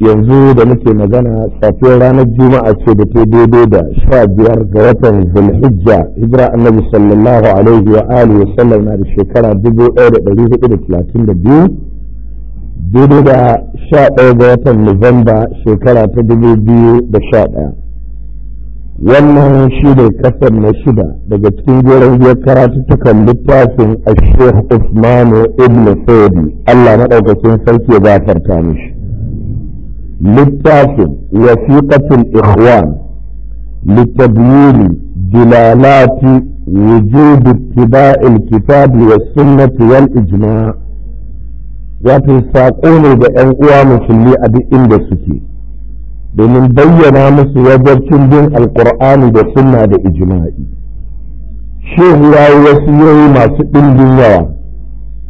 yanzu da muke magana safiyar ranar juma'a ce da ta daidai da sha biyar ga watan zulhijja hijira annabi sallallahu alaihi wa alihi wa sallam na da shekara dubu ɗaya da ɗari hudu da talatin da biyu daidai da sha ɗaya ga watan nuwamba shekara ta dubu biyu da sha ɗaya wannan shi ne kasar na shida daga cikin goron biyar karatu karatuttukan littafin ashir usmanu ibn saudi allah maɗaukacin sarki ya gafarta mishi littafin wasiqatul ikhwan لتبيين دلالات وجوب اتباع الكتاب والسنة والإجماع wato saƙo ne da ‘yan uwa musulmi a duk inda suke domin bayyana musu wajarcin bin alƙur'ani da sunna da ijma'i shehu ya wasu yoyi masu ɗimbin yawa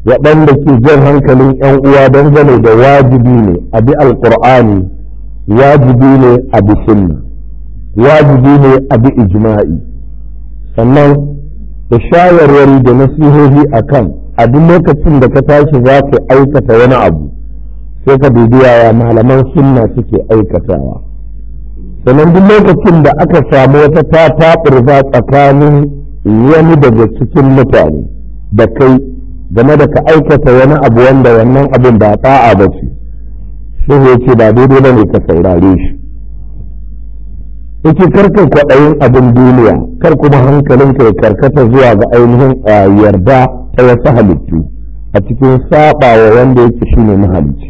waɗanda ke jan hankalin 'yan uwa don gane da wajibi ne a bi alƙur'ani wajibi ne a bi sunna wajibi ne a bi ijma'i sannan da shawarwari da nasihohi a kan a duk lokacin da ka tashi za ka aikata wani abu sai ka dubi yaya malaman sunna suke aikatawa sannan duk lokacin da aka samu wata ta tsakanin wani daga cikin mutane da kai game da ka aikata wani abu wanda wannan abin ba ta'a ba ce shi ne ce ba daidai ba ne ka saurare shi yake karkar kwaɗayin abin duniya kar kuma hankalinka ya karkata zuwa ga ainihin yarda ta wasu halittu a cikin saɓawa wanda yake ne mahalicci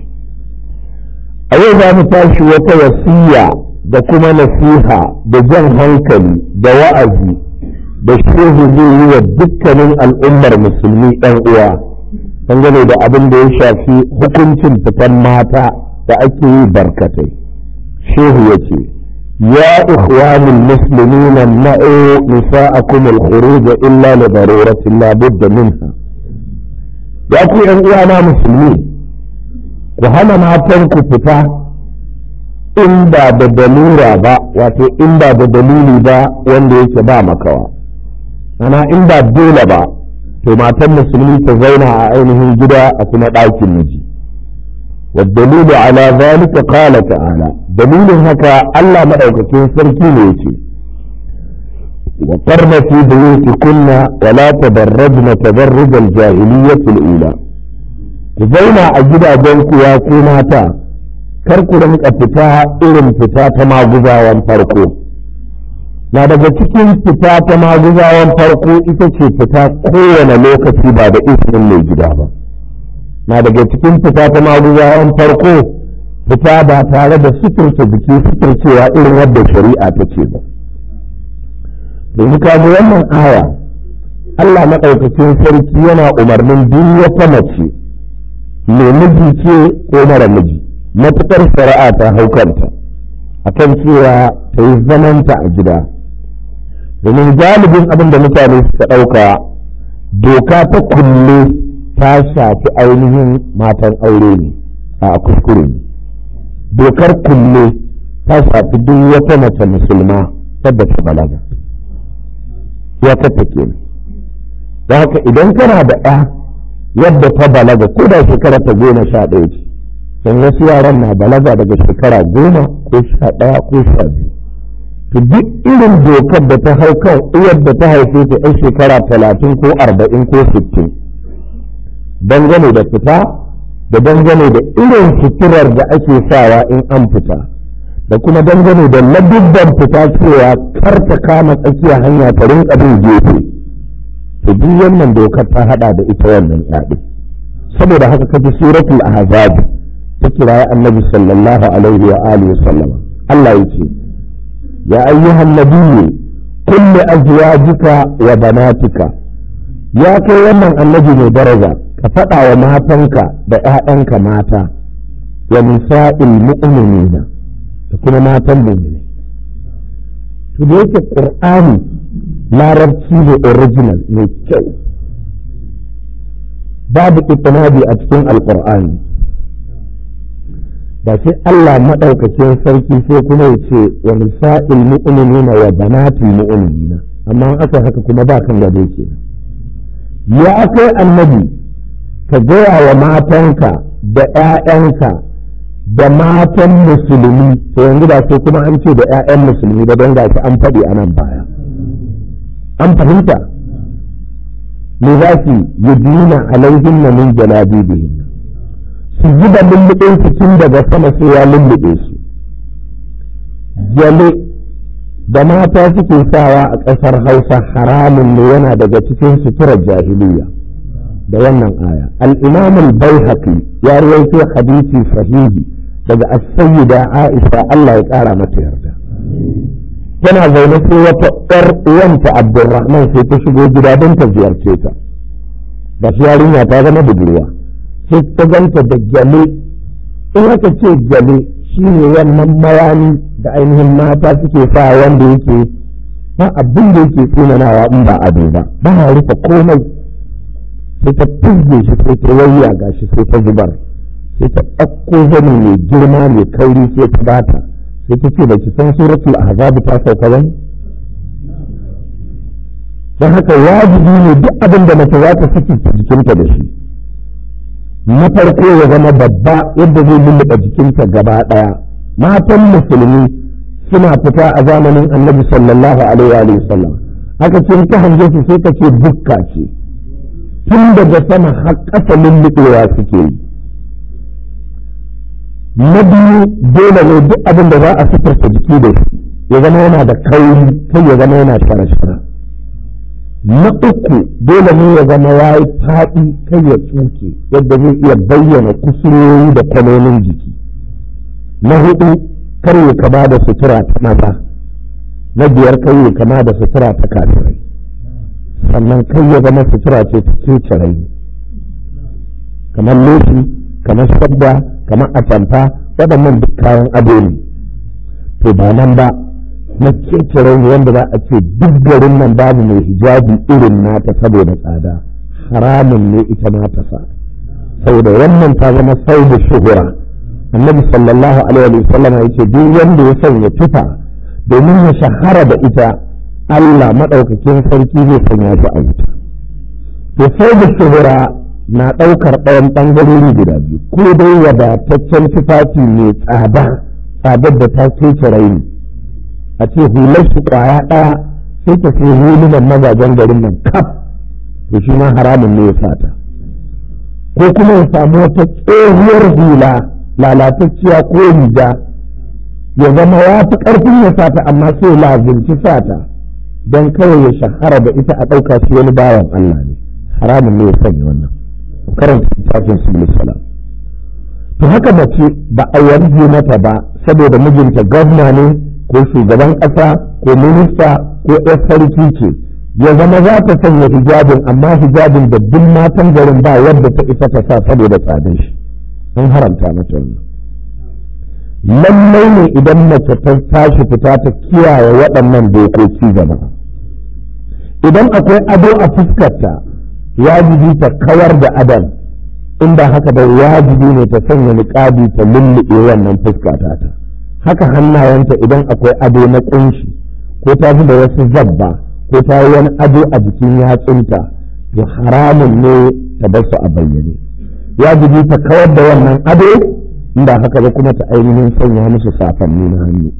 a yau za mu tashi wata wasiya da kuma nasiha da jan hankali da wa'azi da shehu zai yi wa dukkanin al'ummar musulmi ɗan uwa dangane da abin da ya shafi hukuncin fitan mata da ake yi barkatai shehu ya ce ya ikhwanul muslimina na'u nisa'akum al-khuruj illa li daruratin la budda minha ya ce yan uwa na musulmi ku hana matan ku fita in ba da dalura ba wato in ba da dalili ba wanda yake ba makawa mana in ba dole ba to matan musulmi ta zauna a ainihin gida a kuma ɗakin miji والدليل على ذلك قال تعالى دليل هكا الله مدعوكتين سركين يتي وقرن في بيوتكن ولا تبرجن تبرج الجاهلية الأولى ku zauna a gidajenku ya ku mata kar ku rinka fita irin fita ta maguzawan farko na daga cikin fita ta maguzawan farko ita ce fita kowane lokaci ba da izinin mai gida ba na daga cikin fita ta maguzawan farko fita ba tare da suturta jiki suturcewa irin wadda shari'a ta ce ba yanzu kaji wannan aya Allah maɗaukacin sarki yana umarnin duk wata mace mai miji ce ko mara miji matuƙar shari'a ta haukanta akan cewa ta yi zamanta a gida domin galibin abin da mutane suka ɗauka doka ta kulle ta shafi ainihin matan aure ne a kuskure ne dokar kulle ta shafi duk wata mace musulma wadda ta balaga ya tattake ne da haka idan kana da ɗa yadda ta balaga ko da shekara ta goma sha ɗaya ce don wasu yaran na balaga daga shekara goma ko sha ɗaya ko sha biyu to duk irin dokar da ta hau kan uwar da ta haife ta yan shekara talatin ko arba'in ko sittin dangane da fita da dangane da irin suturar da ake sawa in an fita da kuma dangane da ladubban fita cewa kar ta kama tsakiya hanya ta rinka bin gefe to duk wannan dokar ta haɗa da ita wannan yaɗi saboda haka ka kafi suratul ahzab ta kiraya annabi sallallahu alaihi wa alihi wa sallama Allah ya ce ya ayyuhan nabiyyu kulli azwajika wa banatika ya kai wannan annabi mai daraja ka faɗa wa matanka da ‘ya'yanka mata wa nisa'il mu'minina da kuma matan mu'minai to da yake ƙur'ani larabci ne original mai kyau babu itinadi a cikin al'kur'ani. ba ce Allah maɗaukacin sarki sai kuma ya ce wa nisa'il mu'minina wa banatil mu'minina amma aka haka kuma ba kan gado kenan ya kai annabi ka gaya wa matanka da 'ya'yanka da matan musulmi to yanzu ba sai kuma an ce da 'ya'yan musulmi ba don gashi an faɗi a nan baya an fahimta me za su yi dina a na min jalabibihin su zuba lullubin su tun daga sama sai ya lulluɓe su gyale da mata suke sawa a ƙasar hausa haramun ne yana daga cikin suturar jahiliya da wannan aya al-imam ya rawaito hadisi sahihi daga as da aisha Allah ya ƙara mata yarda tana zaune sai wata ƴar uwanta abdurrahman sai ta shigo gida don ta ziyarce ta da yarinya ta zama budurwa sai ta ganta da gyale in aka ce gyale shi ne wannan mayani da ainihin mata suke sa wanda yake ba abin da yake tsinanawa in ba abu ba ba na rufe komai sai ta fulge shi sai ta wayya ga shi sai ta zubar sai ta ɗauko zani mai girma mai kauri sai ta bata sai ta ce baki san suratul ahzab ta sauka ba don haka wajibi ne duk abin da mace za ta saki jikinta da shi na farko ya zama babba yadda zai a jikinta gaba ɗaya matan musulmi suna fita a zamanin annabi sallallahu alaihi wa sallam haka kin ka hange su sai ka ce bukka ce tun daga sama har ƙasa lullubewa suke yi na biyu dole ne duk abin da za a ta jiki da shi ya zama yana da kauri kai ya zama yana shara-shara na uku dole ne ya zama ya yi faɗi kai ya tsuke yadda zai iya bayyana kusurori da kwalolin jiki na hudu kar ya kama da sutura ta maza na biyar kai kama da sutura ta kafirai sannan kai ya zama sutura ce ta kece kamar lofi kamar sabba kamar atamfa waɗannan duk kayan ado ne to ba nan ba na kirkiro wanda za a ce duk garin nan babu mai hijabi irin nata saboda tsada haramun ne ita nata sa saboda wannan ta zama sau da shuhura annabi sallallahu alaihi wa sallam ya ce duk wanda ya sanya tufa domin ya shahara da ita Allah madaukakin sarki zai sanya shi a wuta to sau da shuhura na ɗaukar ɗayan ɓangarori guda biyu ko dai wadataccen tufafi mai tsada tsadar da ta kece raini a ce hular su kwaya ɗaya sai ta sai hulunan mazajen garin nan kaf to shi ma haramun ne ya sata ko kuma ya samu wata tsohuwar hula lalatacciya ko riga ya zama ya fi ƙarfin ya sata amma sai lazimci sata don kawai ya shahara da ita a ɗauka shi wani bawan Allah ne haramun ne ya sanya wannan karanta su to haka mace ba a yanzu mata ba saboda mijinta gwamna ne ko shugaban ƙasa ko minista ko ɗan sarki ce ya zama za ta sanya hijabin amma hijabin da duk matan garin ba yadda ta isa ta sa saboda tsadin shi an haramta mata wannan lallai ne idan mace ta tashi fita ta kiyaye waɗannan dokoki gaba idan akwai ado a fuskarta wajibi ta kawar da adam in ba haka ba wajibi ne ta sanya niƙabi ta lulluɓe wannan fuskata ta haka hannayenta idan akwai ado na kunshi ko ta da wasu zabba ko ta yi wani ado a jikin yatsunta to haramun ne ta bar su a bayyane ya jibi ta kawar da wannan ado inda haka ba kuma ta ainihin sanya musu safanni na hannu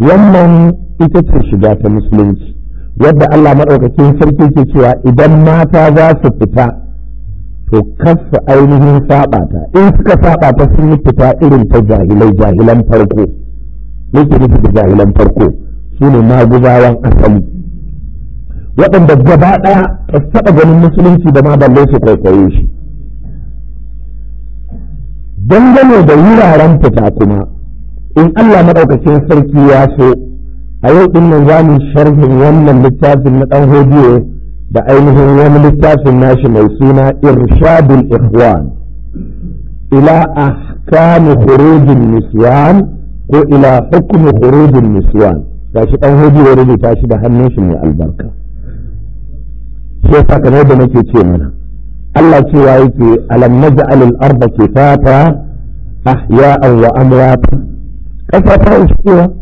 wannan ita ce shiga ta musulunci yadda Allah maɗaukakin sarki ke cewa idan mata za su fita to kasa ainihin saɓata in suka sabata sun yi fita irin ta jahilai jahilan farko nake nufi da jahilan farko su maguzawan asali waɗanda gaba ɗaya ta saba ganin musulunci da ma balle su kwaikwaye shi dangane da wuraren fita kuma in Allah maɗaukacin sarki ya so a yau ɗin nan za mu sharhin wannan littafin na ɗan hodiyo بأينه يوم للتاس الناس ميسينا إرشاد الإخوان إلى أحكام خروج النسوان وإلى حكم خروج النسوان تاشد أهدي ورد تاشد هنيش من البركة شيخا كان هذا نكي تيمنا الله تيوائي ألم نجعل الأرض كفاتا أحياء وأموات كفاتا إشتوا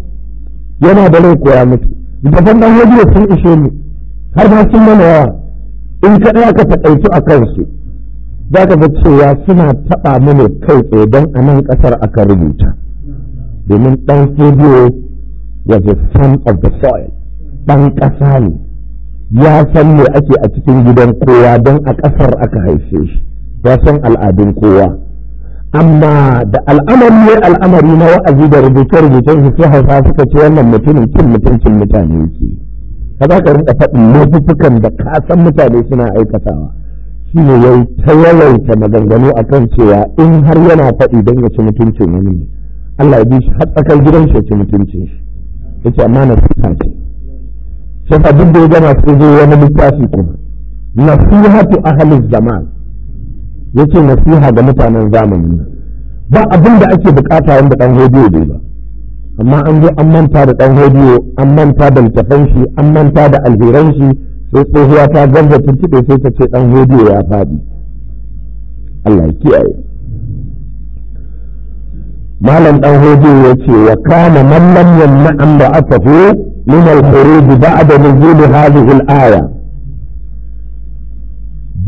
ينا بلوك ورامك إذا فنده يجب أن يشيني har ma sun mana yawa in kaɗai aka taƙaitu a kansu za ka ga cewa suna taɓa mana kai tsaye don a nan ƙasar aka rubuta domin ɗan fodiyo ya the son of the soil ɗan ƙasa ne ya san me ake a cikin gidan kowa don a ƙasar aka haife shi ya san al'adun kowa amma da al'amari ne al'amari na wa'azi da rubuce-rubucen su sai hausa suka ce wannan mutumin cin mutuncin mutane yake ka za ka rinka faɗin lokutukan da ka san mutane suna aikatawa shi ne yau ta yawaita maganganu a kan cewa in har yana faɗi don ya ci mutuncin wani ne Allah ya bi shi har tsakar gidan shi ya ci mutuncin ya ce amma nasiha ce shi fa duk da ya gama sai zo wani littafi kuma nasihatu ahalin zaman yace nasiha ga mutanen zamanin ba abin da ake bukata wanda ɗan godiyo bai ba amma an zo an manta da ɗan hodiyo an manta da littafan shi an manta da alheran shi sai tsohuwa ta ganga tuntuɓe sai ta ce ɗan hodiyo ya faɗi Allah ya kiyaye malam ɗan hodiyo ya ce wa kana man lam yamna an ba'athahu min al-khuruj ba'da nuzul hadhihi al-aya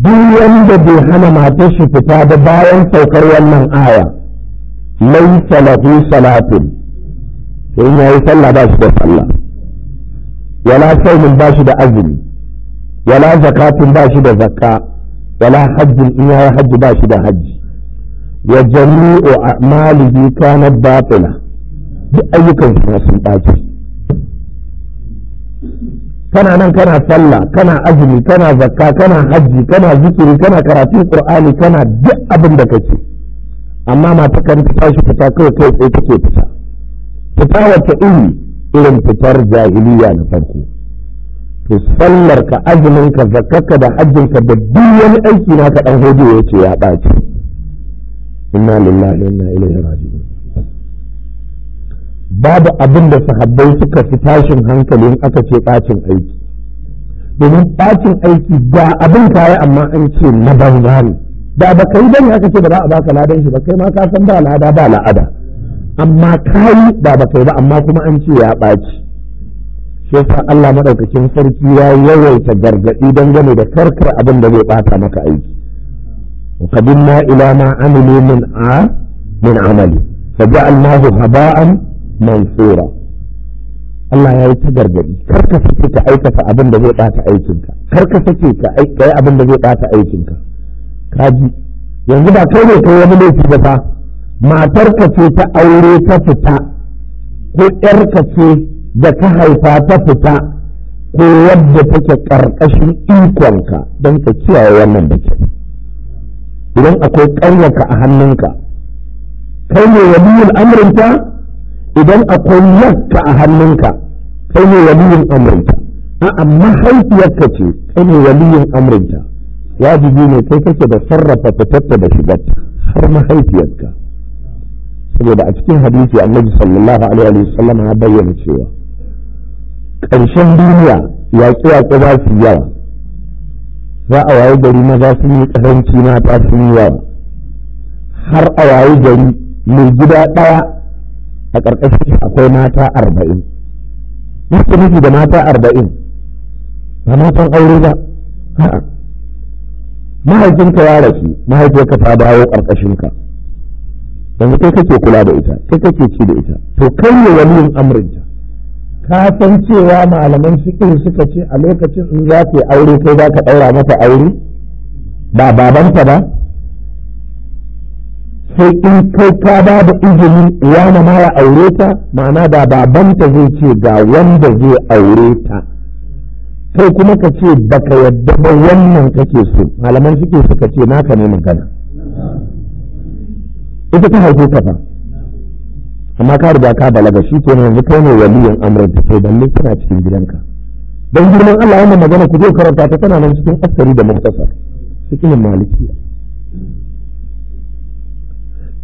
duk wanda bai hana matar shi fita da bayan saukar wannan aya laysa lahu salatun in ya yi sallah ba shi da sallah wala saumin ba shi da azumi wala zakatun ba shi da zakka wala hajjin in ya yi hajji ba shi da hajji wa jami'u a'malihi kanat batila duk ayyukan shi sun kana nan kana sallah kana azumi kana zakka kana hajji kana zikiri kana karatun qur'ani kana duk abin da kake amma mata kan ta tashi fita kawai kai tsaye take fita fita wata iri irin fitar jahiliya na farko to sallar ka azumin ka zakarka da hajjin ka da duk wani aiki na ka dan hoje ya ce ya baci inna lillahi wa inna ilaihi raji'un babu abin da sahabbai suka fi tashin hankali in aka ce bacin aiki domin bacin aiki ba abin kaya amma an ce na banza ne da ba kai bane aka ce ba za a baka ladan shi ba kai ma ka san ba lada ba la'ada amma kayi ba ba kai ba amma kuma an ce ya ɓaci shi yasa Allah maɗaukacin sarki ya yawaita gargaɗi dangane da karkar abin da zai ɓata maka aiki amini min a min من آه من عمل فجعلناه haba'an mansura Allah ya yi ta gargadi kar ka sake ka aikata abin da zai ɓata aikinka kar ka sake abin da zai ɓata aikinka kaji yanzu ba kai ne kai wani laifi ba fa matarka ce ta aure ta fita ko ‘yarka ce da ka haifa ta fita ko wadda take ƙarƙashin ikonka don ka kiyaye wannan da ke idan akwai ƙaryaka a hannunka kai ne waliyin amurinta idan akwai yakka a hannunka kai ne waliyin amrinta a'a mahaifiyarka ce kai ne waliyin ya wajibi ne kai kake da sarrafa fitarta da shigarta har mahaifiyarka saboda a cikin hadisi annabi sallallahu alaihi wa sallam ya bayyana cewa ƙarshen duniya yaƙi ko ba su yawa za a waye gari maza sun yi ƙaranci mata sun yi yawa har a waye gari mai gida ɗaya a ƙarƙashin akwai mata arba'in yake nufi da mata arba'in ba matan aure ba mahaifinka ya rasu Mahaifinka ta dawo ƙarƙashinka yanzu kai kake kula da ita kai kake ci da ita to kai ne waliyin amrinta ka san cewa malaman fiqh suka ce a lokacin in za ta aure kai za ka daura mata aure ba babanta ba sai in kai ka ba da izinin iyana ma ya aure ta ma'ana da babanta zai ce ga wanda zai aure ta kai kuma ka ce baka yadda ba wannan kake so malaman suke suka ce naka ne magana ita ta haife ka ba amma ka riga ka balaga shi ke yanzu kai ne waliyin amrin da kai balle tana cikin gidanka dan girman Allah wannan magana ku je karanta ta tana nan cikin asari da muhtasar cikin malikiya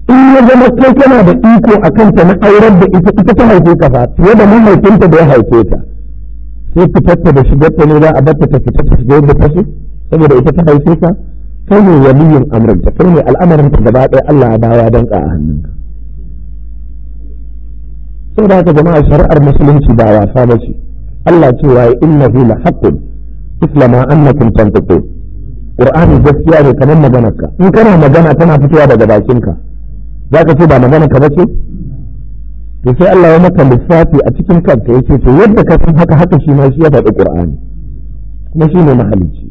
in ya zama kai kana da iko a kanta na aurar da ita ita ta haife ka fa fiye da mahaifinta da ya haife ta sai ta da ta ne za a barta ta fitar ta shigar da ta saboda ita ta haife ka kai ne waliyin amurka kai ne al'amarin ka gaba ɗaya Allah ya dan ya danka a hannunka sai da haka jama'a shari'ar musulunci ba wasa ba ce Allah cewa ya inna fi la haqqun islama annakum tantiqun qur'ani gaskiya ne kamar maganarka in kana magana tana fitowa daga bakinka zaka ce ba magana ka bace to sai Allah ya maka lissafi a cikin kanka yace to yadda ka san haka haka shi ma shi ya faɗi qur'ani kuma shi ne mahalici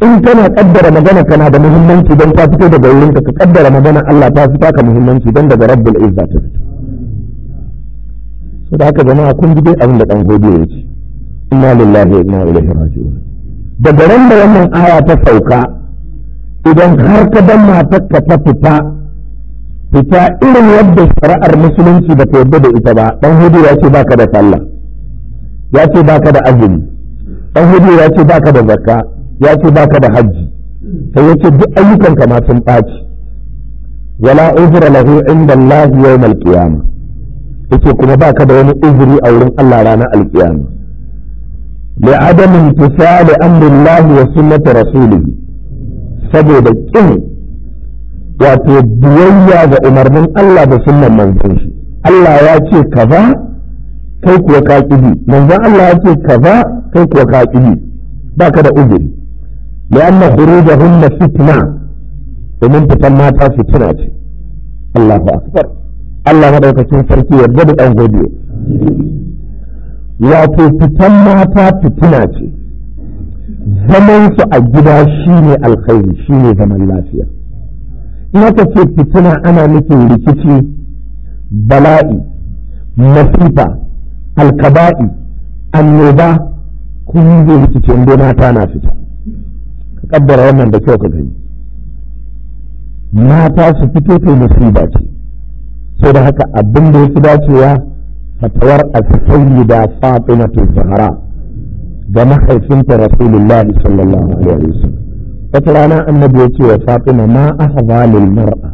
in kana kaddara magana kana da muhimmanci don ta fito daga wurin ka kaddara magana Allah ta fita ka muhimmanci don daga rabbul izza ta fito saboda haka jama'a kun ji dai abin da dan godiyo ya ce inna lillahi wa inna ilaihi raji'un daga ran da wannan aya ta sauka idan har ka dan matarka ta fita fita irin yadda shari'ar musulunci ba ta yadda da ita ba dan hudu ya ce baka da sallah ya ce baka da azumi dan hudu ya ce baka da zakka ya ce ba ka da hajji sai ya ce duk ayyukan ka sun ɓaci wala uzra lahu inda Allah yawm al-qiyamah yace kuma ba ka da wani uzuri a wurin Allah ranar al-qiyamah li adam imtisali amrillah wa sunnati rasulih saboda kin wato biyayya ga umarnin Allah da sunnan manzon shi Allah ya ce kaza kai kuwa ka kibi manzon Allah ya ce kaza kai kuwa ka ba ka da uzuri لأن خروجهن فتنة ومن تسمى فتنة الله أكبر الله هذا كتير فرقي يبدأ أن غدي wato fitan mata fitina ce zaman su a gida shine alkhairi shine zaman lafiya ina ka ce fitina ana nufin rikici bala'i masifa alkaba'i annoba kun yi rikicin inda mata na fita kaddara wannan da kyau ka gani mata su fito ta musiba ce sai da haka abin da yake dacewa fatawar as-sayyi da Fatima Zahra ga mahaifinta Rasulullahi sallallahu alaihi wasallam wata rana annabi ya ce wa Fatima ma ahza lil mar'a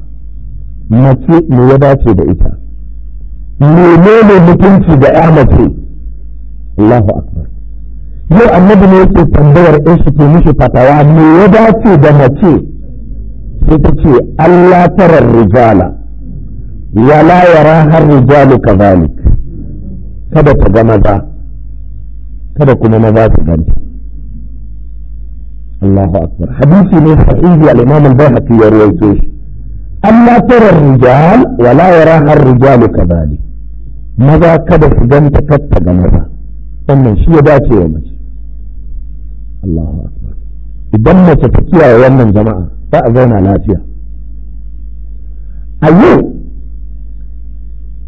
mace me ya dace da ita menene mutunci da ya mace Allahu akbar yau annabi ne yake tambayar in shi ke mishi fatawa me ya dace da mace sai ta ce Allah tarar rijala wala yara har rijalu kazalik kada ta ga maza kada kuma maza su ganta Allahu akbar hadisi ne sahihi al-Imam al-Baihaqi ya rawaito shi Allah tarar rijal wala yara har rijalu kazalik maza kada su ganta kada ta ga maza wannan shi ya dace wa mace Allahu akbar idan mace ta kiyaye wannan jama'a za a zauna lafiya a yau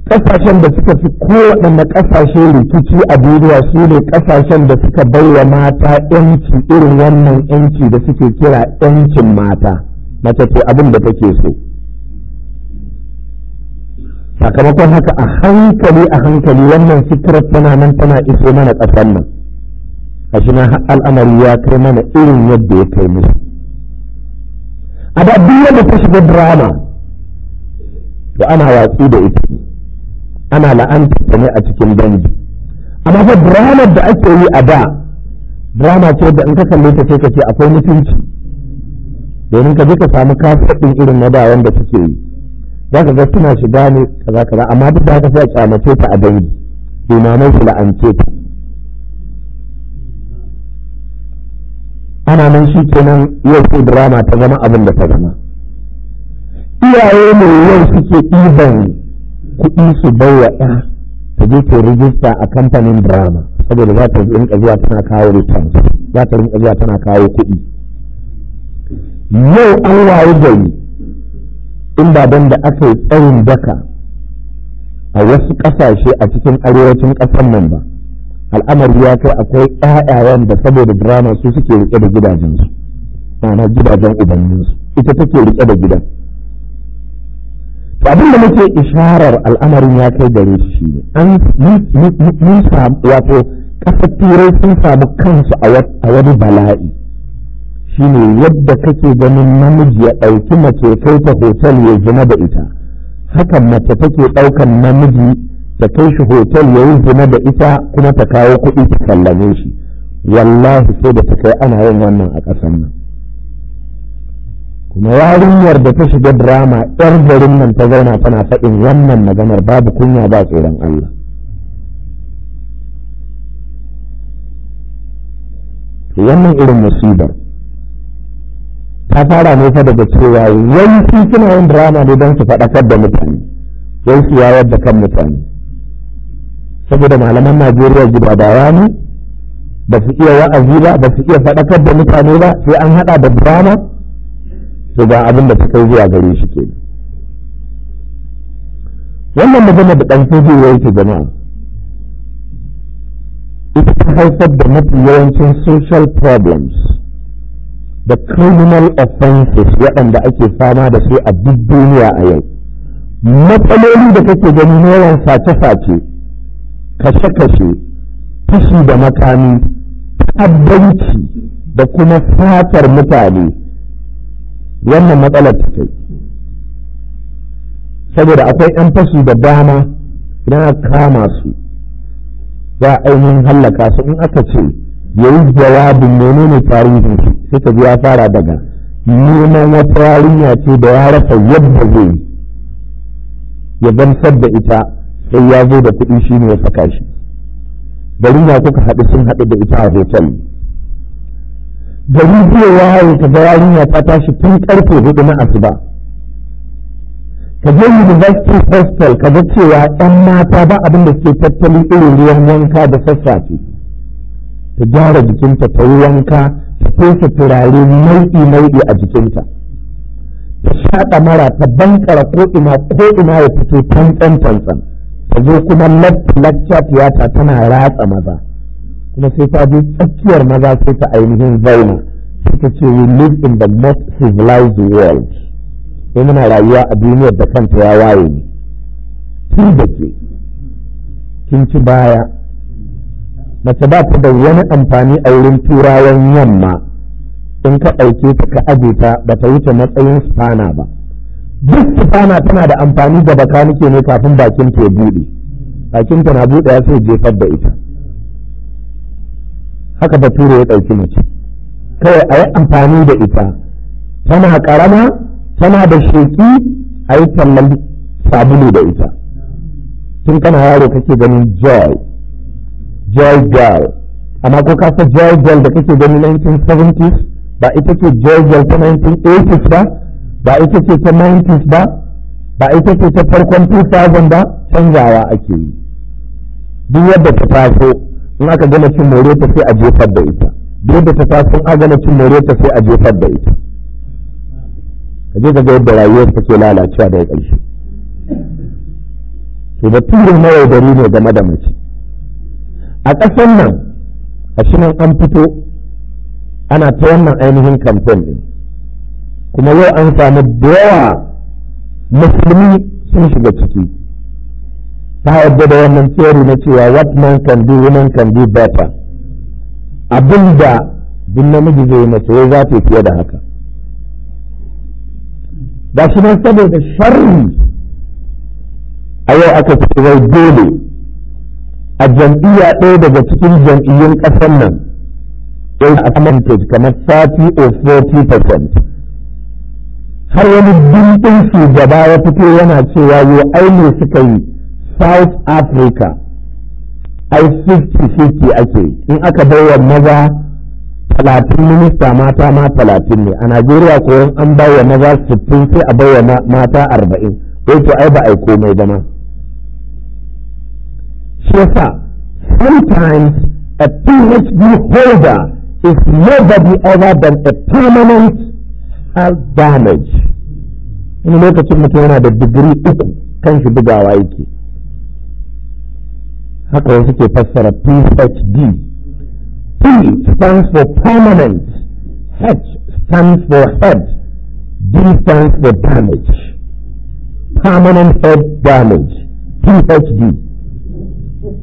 ƙasashen da suka fi kowaɗanne kasashe rikici a duniya su ne kasashen da suka bai wa mata yanci irin wannan yanci da suke kira yancin mata mace to abin da take so sakamakon haka a hankali a hankali wannan fitar tana nan tana iso mana ƙasar nan a na al'amari ya kai mana irin yadda ya kai musu a da duk yadda ta shiga drama da ana watsi da ita ana la'anta ta ne a cikin dangi amma fa drama da ake yi a da drama ce da in ka kalli ta sai ka ce akwai mutunci domin ka je ka samu kafaɗin irin na da wanda suke yi za ka ga suna shiga ne kaza kaza amma duk da haka sai a kyamace ta a dangi limamai su la'ance ta ana nan shi kenan yau ko drama ta zama abin da ta zama iyaye ne yau suke ɗiban kuɗi su baiwa ɗa ta je ta rijista a kamfanin drama saboda za ta rinka zuwa tana kawo returns za ta rinka zuwa tana kawo kuɗi yau an waye gari in ba don da aka yi tsayin daka a wasu ƙasashe a cikin arewacin ƙasar nan ba al'amari ya kai akwai ƴaƴayen da saboda drama su suke rike da gidajensu ma'ana gidajen ubanninsu ita take rike da gidan to abin da muke isharar al'amarin ya kai gare shi ne an mun samu wato ƙasar turai sun samu kansu a wani bala'i shine yadda kake ganin namiji ya ɗauki mace kai ta hotel ya zina da ita hakan mace take ɗaukan namiji ta kai shi hotel ya yi zina da ita kuma ta kawo kuɗi ta sallame shi wallahi sai da ta kai ana yin wannan a ƙasan nan kuma yarinyar da ta shiga drama yar garin nan ta zauna tana faɗin wannan maganar babu kunya ba tsoron Allah wannan irin musibar ta fara ne fa daga cewa yanki suna yin drama ne don su faɗakar da mutane yanki yawar da kan mutane saboda malaman najeriya gidadawa ne ba su iya wa'azi ba ba su iya faɗakar da mutane ba sai an haɗa da drama su ga abin da su kai zuwa gare shi ke wannan magana da ɗan yi yake jama'a ita ta haifar da mafi yawancin social problems da criminal offenses waɗanda ake fama da su a duk duniya a yau matsaloli da kake gani na yawan sace-sace. kashe-kashe fashi da makami abinci da kuma fatar mutane wannan matsalar ta kai saboda akwai 'yan fashi da dama idan aka kama su za a ainihin hallaka su in aka ce ya yi jawabin menene tarihin su sai ka ya fara daga neman wata yarinya ce da ya rasa yadda zai ya gamsar da ita sai ya zo da kuɗi shi ne ya saka shi bari ya kuka haɗu sun haɗu da ita a hotel gari biyu ya haɗu ka ga yarinya ta tashi tun karfe hudu na asuba ka je university hostel ka ga cewa ɗan mata ba abin da suke tattalin irin ruwan wanka da sassafe ta gyara jikinta ta yi wanka ta fesa turare nau'i nau'i a jikinta ta shaɗa mara ta bankara ko ina ko ina ya fito tantan tantan ka zo kuma lakca tiyata tana ratsa maza kuma sai ta bi tsakiyar maza sai ta ainihin zauna sai ta ce we live in the most civilized world sai muna rayuwa a duniyar da kanta ya waye ne tun da ke kin ci baya mace ba ta da wani amfani a wurin turawan yamma in ka ɗauke ta ka aje ta ba ta wuce matsayin spana ba duk tufana tana da amfani ga nake ne kafin bakin ta ya buɗe bakin ta na buɗe ya sai jefar da ita haka bature ya ɗauki mace kawai a yi amfani da ita tana ƙarama tana da sheƙi a yi tallan sabulu da ita tun kana yaro kake ganin joy joy girl amma ko ka joy girl da kake ganin 1970s ba ita ce joy girl ta 1980s ba ba ita ce ta 90s ba ba ita ce ta farkon 2000 ba canzawa ake yi duk yadda ta taso in aka gana cin more ta sai a jefar da ita duk yadda ta taso in aka gana cin more ta sai a jefar da ita ka je ga yadda rayuwar ta ke lalacewa daga ƙarshe to da turin mayaudari ne game da mace a ƙasan nan a nan an fito ana ta wannan ainihin kamfen ɗin kuma yau an samu da yawa musulmi sun shiga ciki ta yadda da wannan theory na cewa what man can do women can do better abin da duk namiji zai yi mace za ta fiye da haka ba shi nan saboda sharri a yau aka ce wai dole a jam'iyya ɗaya daga cikin jam'iyyun ƙasar nan yau a kamar kamar 30 or 40 percent har wani dimbin shugaba ya fito yana cewa yi ai suka yi south africa ai 50-50 ake in aka baiwa maza talatin minista mata ma talatin ne a najeriya ko an baiwa maza sittin sai a baiwa mata arba'in wato ai ba ai komai ba ma shi sometimes a phd holder is nobody other than a permanent health damage wani lokacin mutum yana da digiri uku kan shi bugawa yake haka wasu ke fassara phd p stands for permanent h stands for head d stands for damage permanent head damage phd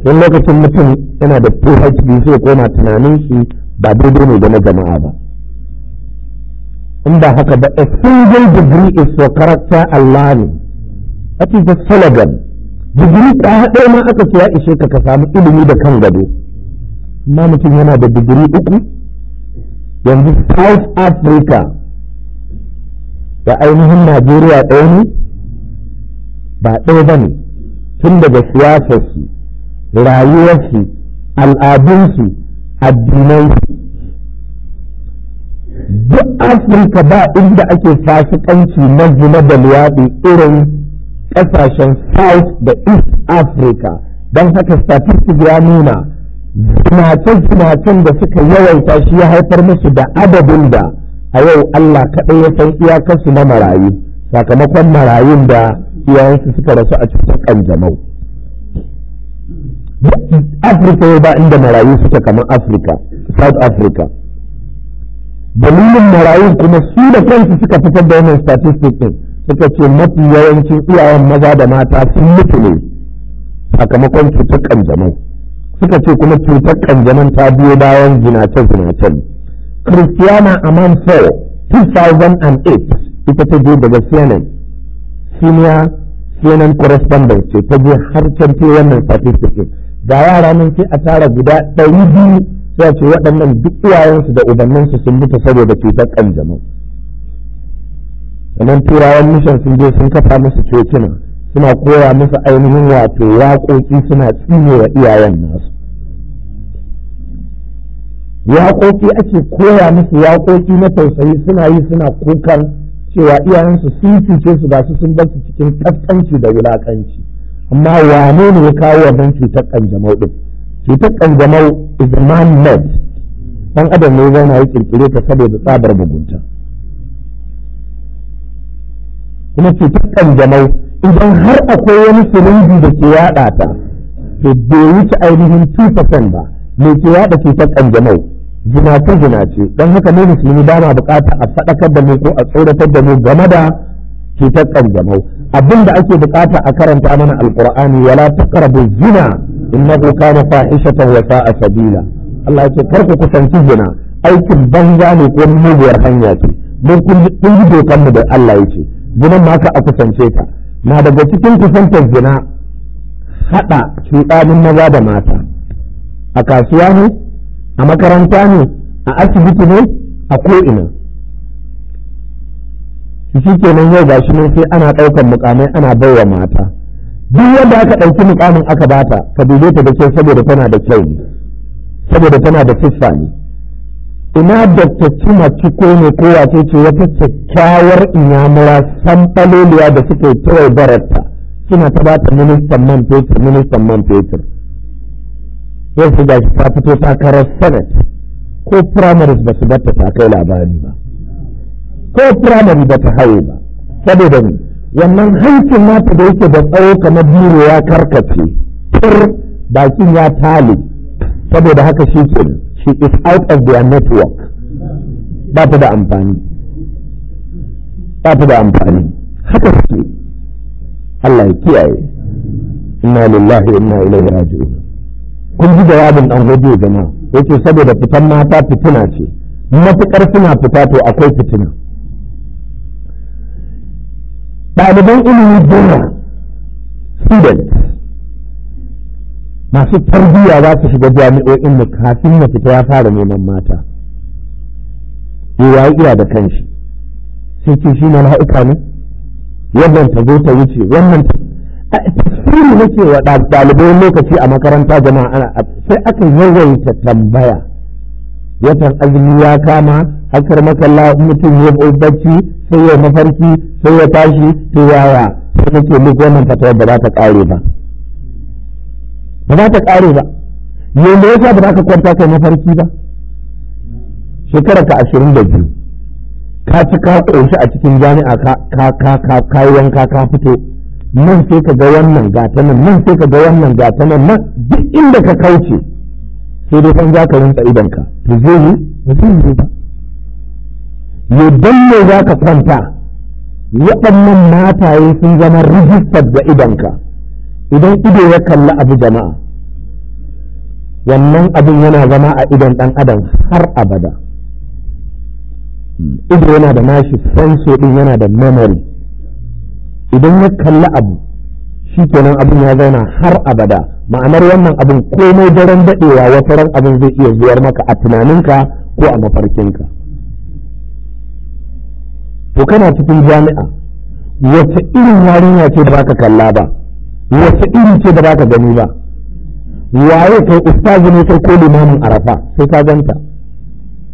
wani lokacin mutum yana da phd sai koma tunanin shi ba daidai ne da na jama'a ba in ba haka ba a single degree is for character Allah ne a cikin slogan digiri ta haɗe ma aka ce ya ishe ka ka samu ilimi da kan gado amma mutum yana da digiri uku yanzu south africa da ainihin najeriya ɗaya ne ba ɗaya ba ne tun daga siyasarsu rayuwarsu al'adunsu addinansu duk afirka ba inda ake fasikanci na zina da luwaɗi irin ƙasashen south da east africa don haka statistics ya nuna zinacen-zinacen da suka yawaita shi ya haifar musu da adadin da a yau allah kaɗai ya san iyakarsu na marayu sakamakon marayun da iyayensu suka rasu a cikin ƙanjamau afirka yau ba inda marayu suke kamar afirka south africa dalilin marayu kuma su da kansu suka fitar da wannan statistics din suka ce mafi yawancin iyayen maza da mata sun mutu ne sakamakon cutar kanjamau suka ce kuma cutar kanjaman ta biyo bayan zinace-zinacen christiana and 2008 ita ta je daga cnn senior cnn correspondent ce ta je har can wannan statistics ga yara nan sai a tara guda ɗari biyu sai ce waɗannan duk iyayensu da ubanninsu sun mutu saboda cutar ƙanjamau wannan turawan mishan sun je sun kafa musu cokina suna koya musu ainihin wato yaƙoƙi suna tsine wa iyayen nasu yaƙoƙi ake koya musu yaƙoƙi na tausayi suna yi suna kukan cewa iyayensu sun cuce su ba su sun bar cikin ƙasƙanci da wulaƙanci amma wane ne ya kawo wannan cutar ƙanjamau ɗin cutar ƙanjamau is a man made dan adam ne zai na yi kirkire ta saboda tsabar mugunta kuma ta ƙanjamau idan har akwai wani silingi da ke yaɗa ta to bai wuce ainihin 2% ba mai ke yaɗa cutar ƙanjamau zinace zinace don haka ne musulmi ba ma bukata a faɗakar da mu ko a tsoratar da mu game da cutar ƙanjamau abinda ake bukata a karanta mana Alkur'ani wala taqrabu zina innahu kana fahishatan wa sa'a sabila Allah yake kar ku kusanci zina aikin banza ne ko muguwar hanya ce don kun yi dokan mu da Allah yake zinan ma ka a kusance ta na daga cikin kusantar zina hada cuɗanin maza da mata a kasuwa ne a makaranta ne a asibiti ne a ko'ina shi kenan yau gashi ne sai ana ɗaukar mukamai ana baiwa mata duk wanda aka ɗauki mukamin aka bata ka dube ta da kyau saboda tana da kyau ne saboda tana da siffa ne ina dr cima ciko ne ko wace ce wata kyakkyawar inyamura sanɓaloliya da suke yi kawai bararta suna ta bata ministan man fetur ministan man fetur yau su gashi ta fito takarar senate ko primaries ba su bata ta kai labari ba ko primary ba ta haye ba saboda ne wannan hancin nata da yake da tsawo kamar biro ya karkace fir bakin ya tale saboda haka shi ke she is out of their network ba ta da amfani ba ta da amfani haka suke Allah ya kiyaye inna lillahi wa inna ilaihi raji'un kun ji jawabin dan hudu jama'a yake saboda fitan mata fitina ce matukar suna fita to akwai fitina ɗaliban ilimi duniya students masu tarbiyya za su shiga jami'o'in mu kafin na fita ya fara neman mata eh, ya yi iya da kanshi sai ce shi la'ika ne wannan ta zo ta wuce wannan ta tafsiri nake wa ɗalibai lokaci a makaranta jama'a sai aka yawaita tambaya yatan azumi ya kama akar masalla mutum ya bacci sai ya mafarki sai ya tashi to yaya sai nake duk wannan fata ba za ta kare ba ba za ta kare ba yanda yasa ba za ka kwanta kai mafarki ba shekara ka ashirin da biyu ka ci ka ƙunshi a cikin jami'a ka yi wanka ka fito nan sai ka ga wannan gata nan nan sai ka ga wannan gata nan nan duk inda ka kauce sai dai san za ka rinka ka to zai yi ba zai yi ba ne don ne za ka kwanta waɗannan mataye sun zama rijistar da idonka idan ido ya kalli abu jama'a wannan abin yana zama a idon ɗan adam har abada ido yana da nashi sanso ɗin yana da memory idan ya kalli abu shi kenan abin ya zauna har abada ma'anar wannan abin komai daren daɗewa wata ran abin zai iya zuwar maka a tunaninka ko a mafarkinka. to kana cikin jami'a wata irin yarinya ce da baka kalla ba wata irin ce da baka gani ba waye kai ustazi ne kai ko limamin arafa sai ka ganta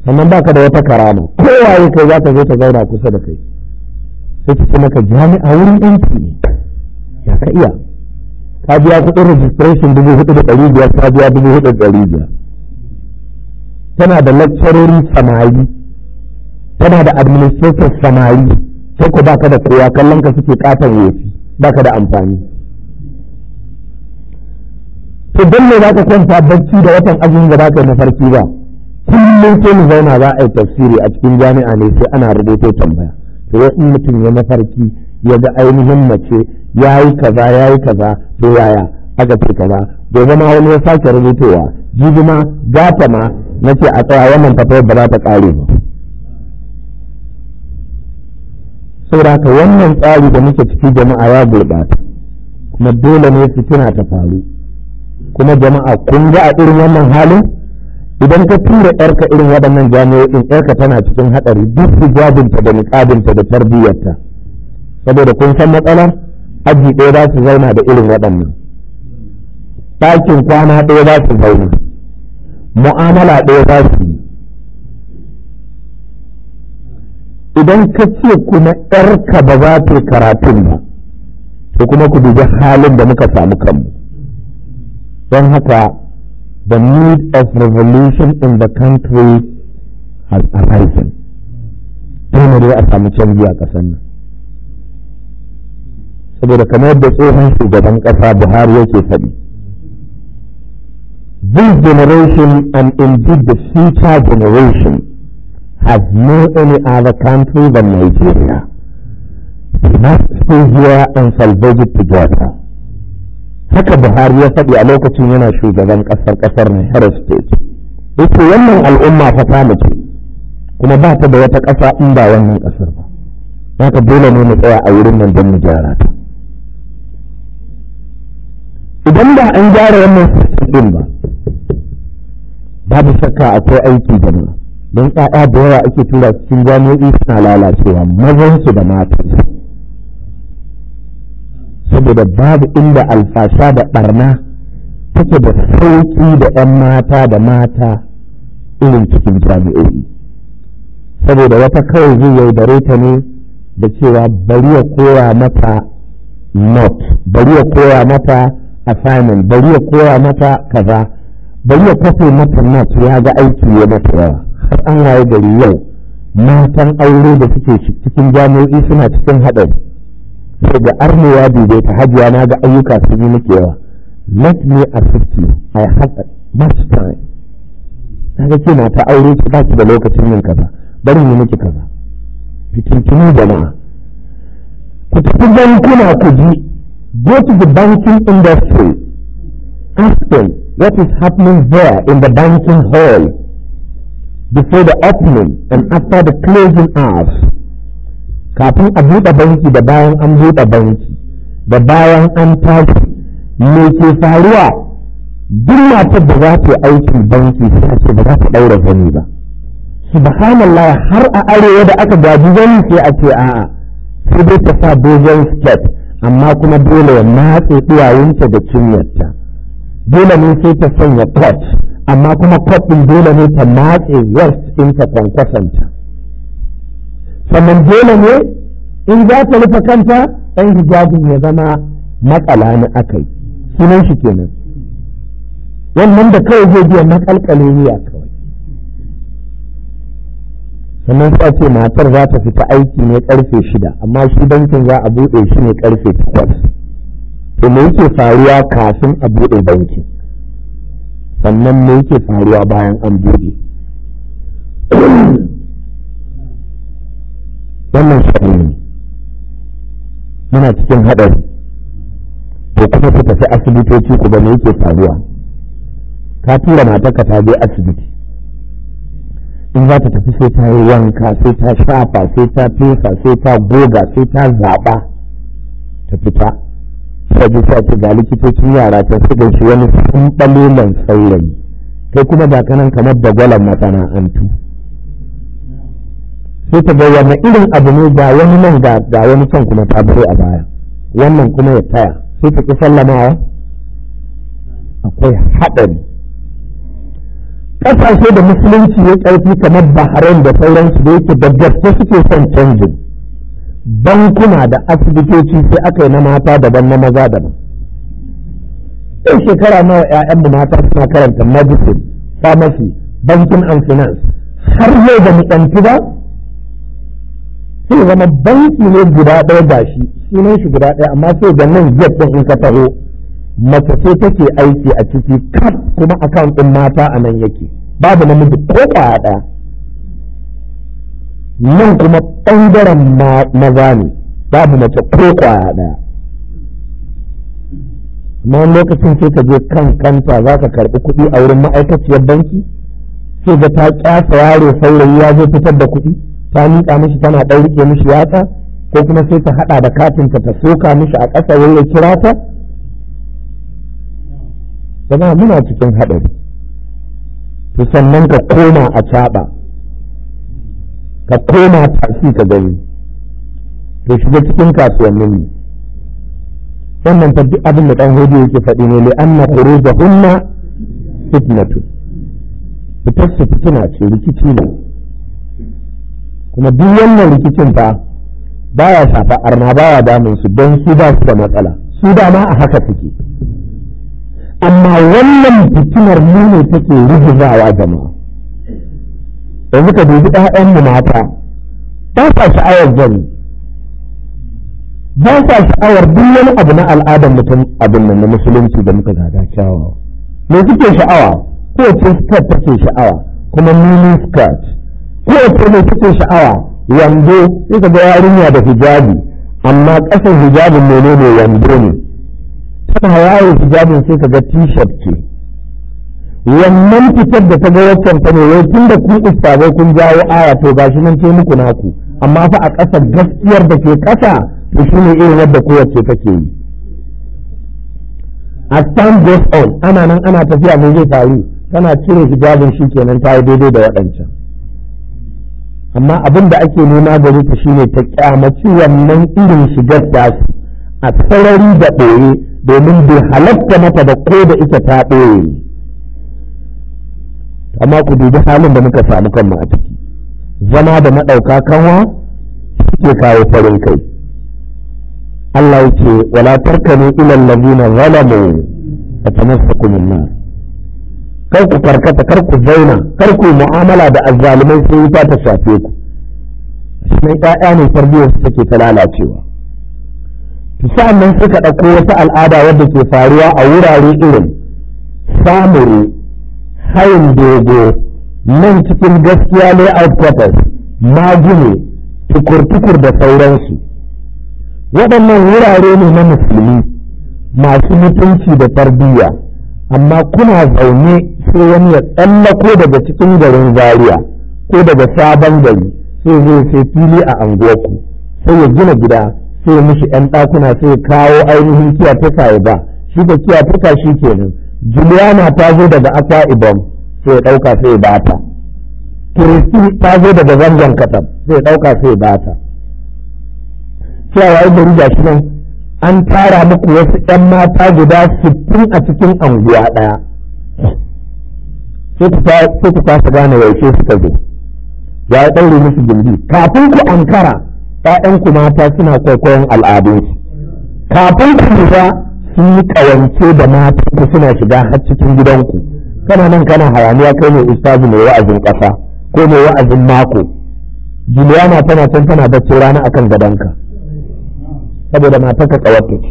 sannan baka da wata karama ko waye kai za ka zo ta zauna kusa da kai sai ki maka jami'a wurin yanki ne ya ka iya ka biya kuɗin registration dubu hudu da ɗari biyar ka biya dubu hudu da ɗari biyar tana da lakcarori samari tana da administrator samari sai ku baka da kowa kallon ka suke katon wofi baka da amfani to don me za ka kwanta bacci da watan azumi da baka nafarki farki ba kullum sai mu zauna za a yi tafsiri a cikin jami'a ne sai ana rubuto tambaya to in mutum ya mafarki ya ga ainihin mace ya yi kaza ya yi kaza to yaya aka ce kaza gobe ma wani ya sake rubutowa jibi ma gata ma nake a tsaya wannan fatawar ba za ta ƙare ba saboda haka wannan tsari da muke ciki jama'a ya gurɓata kuma dole ne fitina ta faru kuma jama'a kun ga a irin wannan halin idan ka tura ɗarka irin waɗannan jami'o'in ɗarka tana cikin haɗari duk hijabinta da niƙabinta da tarbiyyarta saboda kun san matsalar aji ɗaya za su zauna da irin waɗannan ɗakin kwana ɗaya za su zauna mu'amala ɗaya za su yi idan ka ce kuma ‘yarka ba za ta karatun ba to kuma ku dubi halin da muka samu kanmu don haka the need of revolution in the country has arisen dole ne a samu canji a ƙasar nan saboda kamar yadda tsohon shugaban ƙasa buhari yake faɗi this generation and indeed the future generation has no any other country than Nigeria. We must stay here and salvage it together. Haka Buhari ya faɗi a lokacin yana shugaban ƙasar na Nihar State. Yace wannan al'umma ta samu ce, kuma ba ta da wata ƙasa in ba wannan ƙasar ba. Haka dole ne mu tsaya a wurin nan don mu gyara ta. Idan ba an gyara wannan sistem ba, babu shakka akwai aiki da mu. don ƙaƙa da yawa ake tura cikin jami'o'i suna lalacewa mazansu da matansu saboda babu inda alfasha da ɓarna take da sauƙi da 'yan mata da mata irin cikin jami'o'i saboda wata kawai zai yaudare ta ne da cewa bari ya koya mata not bari ya koya mata assignment bari ya koya mata kaza bari ya kafe mata not ya ga aiki ya mata yawa har an waye gari yau matan aure da suke cikin jami'o'i suna cikin haɗari sai ga arnewa dube ta hajiya na ga ayyuka su yi muke yawa let me assist you i have much time na ga ce mata aure ki da lokacin yin kaza bari ne muke kaza fitintinu jama'a ku tafi bankuna ku ji go to the banking industry ask them what is happening there in the banking hall before the opening and after the closing hours kafin a buɗe banki da bayan an buɗe banki da bayan an tashi me ke faruwa duk matar da za ta aiki banki sai ce ba za ta ɗaura zani ba subhanallah har a arewa da aka gaji zani sai a ce a'a sai dai ta sa dogon skirt amma kuma dole ya matse ɗuwawunta da cinyarta dole ne sai ta sanya coat amma kuma faɗin dole ne ta matse west ta kwankwasanta sannan dole ne in za ta rufe kanta ɗan hijabin ya zama matsala na akai sunan shi kenan wannan da kawai zai biya makalkale a kawai sannan sa ce matar za ta fita aiki ne ƙarfe shida amma shi bankin za a buɗe shi ne ƙarfe takwas to me yake faruwa kafin a buɗe bankin sannan me yake faruwa bayan an buɗe wannan ne muna cikin haɗari to kuma ku tafi asibitoci ku ga me yake faruwa ka tura matarka ta je asibiti in za ta tafi sai ta yi wanka sai ta shafa sai ta fesa sai ta goga sai ta zaɓa ta fita sai ji sa ce ga likitocin yara ta su gaishe wani sun ɓalelan saurayi kai kuma ba kanan kamar da gwalan masana'antu sai ta ga wani irin abu ne ga wani nan ga wani can kuma ta bai a baya wannan kuma ya taya sai ta ƙi sallamawa akwai haɗari ƙasashe da musulunci ya ƙarfi kamar bahrain da sauransu da yake da suke son canjin bankuna da asibitoci sai aka yi na mata daban na maza daban sai shekara nawa mu mata suna karanta medicine pharmacy bankin and finance har yau da mutanci ba sai zama banki ne guda ɗaya da shi sunan shi guda ɗaya amma sai da nan yadda in ka taho mace sai take aiki a ciki kaf kuma akan ɗin mata a nan yake babu namiji ko ƙwaya ɗaya nan kuma ɓangaren maza ne babu mace ko kwaya ɗaya amma lokacin sai ka je kan kanta za ka karɓi kuɗi a wurin ma'aikaciyar banki sai ga ta ƙyasa yaro saurayi ya zo fitar da kuɗi ta miƙa mishi tana ɗan mishi yatsa ko kuma sai ta haɗa da katinta ta soka mishi a ƙasa wai ya kira ta muna cikin haɗari to sannan ka koma a caɓa ka koma taki ka gani to shiga cikin kasuwannin ne wannan fa duk abin da dan hodi yake faɗi ne li anna khurujahunna fitnatu fitar su fitina ce rikici ne kuma duk wannan rikicin fa baya shafa arna baya damun su don su ba su da matsala su da ma a haka suke amma wannan fitinar mu ne take ruguzawa jama'a yanzu ka dubi ɗayanmu mata ba sa sha'awar zani ba sa sha'awar duk wani abu na al'adar mutum abin nan na musulunci da muka gada kyawawa me kuke sha'awa ko ce skirt take sha'awa kuma mini skirt ko ce me take sha'awa wando sai ka ga yarinya da hijabi amma ƙasar hijabin menene wando ne tana yawo hijabin sai ka ga t-shirt ce wannan fitar da ta ga waccan ta ne wai da kun ustazai kun jawo aya to shi nan ce muku naku amma fa a ƙasa gaskiyar da ke ƙasa to shi ne irin wadda kowace take yi a stand goes on ana nan ana tafiya mai zai faru tana cire hijabin shi kenan ta yi daidai da waɗancan amma abin da ake nema gare ta shine ta kyamaci wannan irin shigar da su a sarari da ɓoye domin bai halatta mata da ko da ita ta ɓoye amma ku dubi halin da muka samu kanmu a ciki zama da maɗauka kanwa suke kawo farin kai Allah yake wala tarkanu ila allazina zalamu fatamassakum nar kar ku karkata kar ku zauna kar ku mu'amala da azzalumai sai ta ta shafe ku sai ƴaƴa ne tarbiyyar su take ta lalacewa to sa'an suka ɗauko wata al'ada wadda ke faruwa a wurare irin samuri hayin dogo nan cikin gaskiya layout kwatas magine tukur-tukur da sauransu waɗannan wurare ne na musulmi masu mutunci da tarbiyya amma kuna zaune sai wani ya tsallako daga cikin garin zaria ko daga sabon gari sai zai sai fili a anguwarku sai ya gina gida sai ya mishi 'yan ɗakuna sai ya kawo ainihin kiyatuka ya ba shi da kiyataka shi kenan Juliana ta zo daga Akwa Ibom sai ya ɗauka sai ya bata. Kiristi ta zo daga zangon katam sai ya ɗauka sai ya bata. Cewa gari shi nan an tara muku wasu ‘yan mata guda sittin a cikin anguwa ɗaya. Sai ku kasa gane yaushe suka zo. Ya ɗaure musu gindi. Kafin ku ankara ƴaƴanku mata suna kwaikwayon al'adunsu. Kafin ku lura sun yi ƙawance da matanku suna shiga har cikin gidanku kana nan kana hayaniya kai ne ustazu mai wa'azin ƙasa ko mai wa'azin mako juliana tana can tana bacci rana akan gadonka saboda ka ƙawarta ce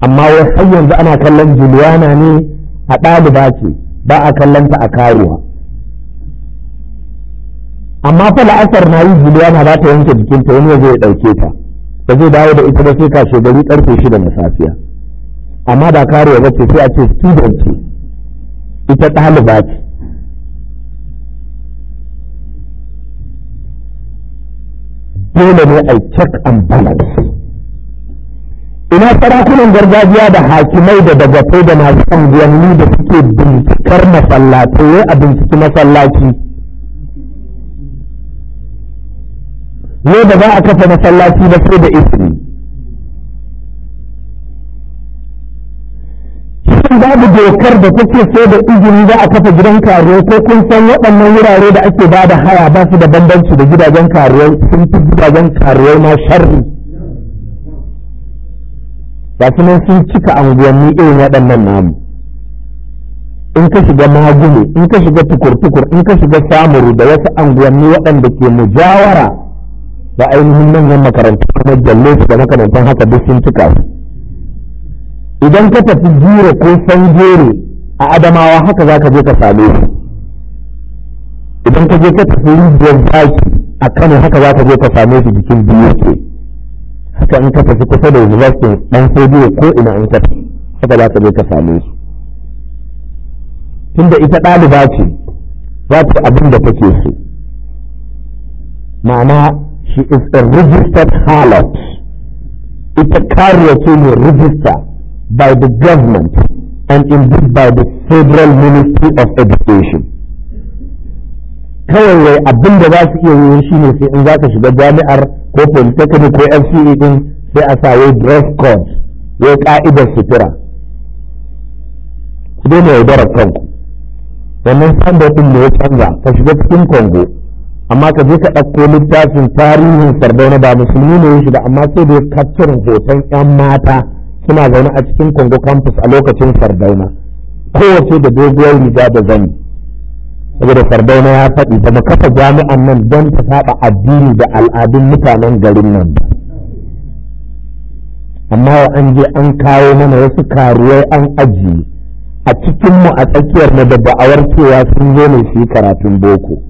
amma yanzu ana kallon juliana ne a ɗaliba ce ba a kallonta a karuwa amma fa la'asar na yi juliana za ta yanke jikinta wani zai ɗauke ta ba zai dawo da ita ba sai kashe gari karfe shida na safiya amma da karuwa ba ce sai a ce student ce ita ɗaliba ce dole ne a check and balance ina sarakunan gargajiya da hakimai da dagatai da masu ni da suke bincikar masallatai a binciki masallaci ne ba za a kafa masallaci ba sai da izini shin babu dokar da take sai da izini za a kafa gidan karuwa ko kun san waɗannan wurare da ake ba da haya ba su da bambanci da gidajen karuwai sun fi gidajen karuwai ma sharri ba nan sun cika anguwanni irin waɗannan namu in ka shiga magumi in ka shiga tukur-tukur in ka shiga samuru da wasu anguwanni waɗanda ke mujawara da ainihin manyan makaranta kuma jalle su da makarantar haka duk sun cika su idan ka tafi jure ko san jere a adamawa haka za ka je ka same su idan ka je ka tafi rijiyar zaki a kano haka za ka je ka same su jikin biyu ke haka in ka tafi kusa da university dan biyu ko ina in ka haka za ka je ka same su tunda ita ɗaliba ce za ta abin da take so ma'ana she is a registered harlot ita kariya ce ne register by the government and indeed by the federal ministry of education kawai wai abin da za su iya yi shi ne sai in za ka shiga jami'ar ko polytechnic ko fce din sai a sa wai dress code wai ka'idar sutura ku daina yaudarar kanku wannan standard din da ya canza ka shiga cikin kongo amma ka je ka ɗauko littafin tarihin sardauna ba musulmi ne shi ba amma sai da ya kaccar hoton 'yan mata suna zaune a cikin kongo campus a lokacin sardauna kowace da doguwar riga da zani saboda sardauna ya faɗi ba mu kafa jami'an nan don ta saba addini da al'adun mutanen garin nan ba amma wa an je an kawo mana wasu karuwai an ajiye a cikinmu a tsakiyar na da ba'awar cewa sun zo ne su karatun boko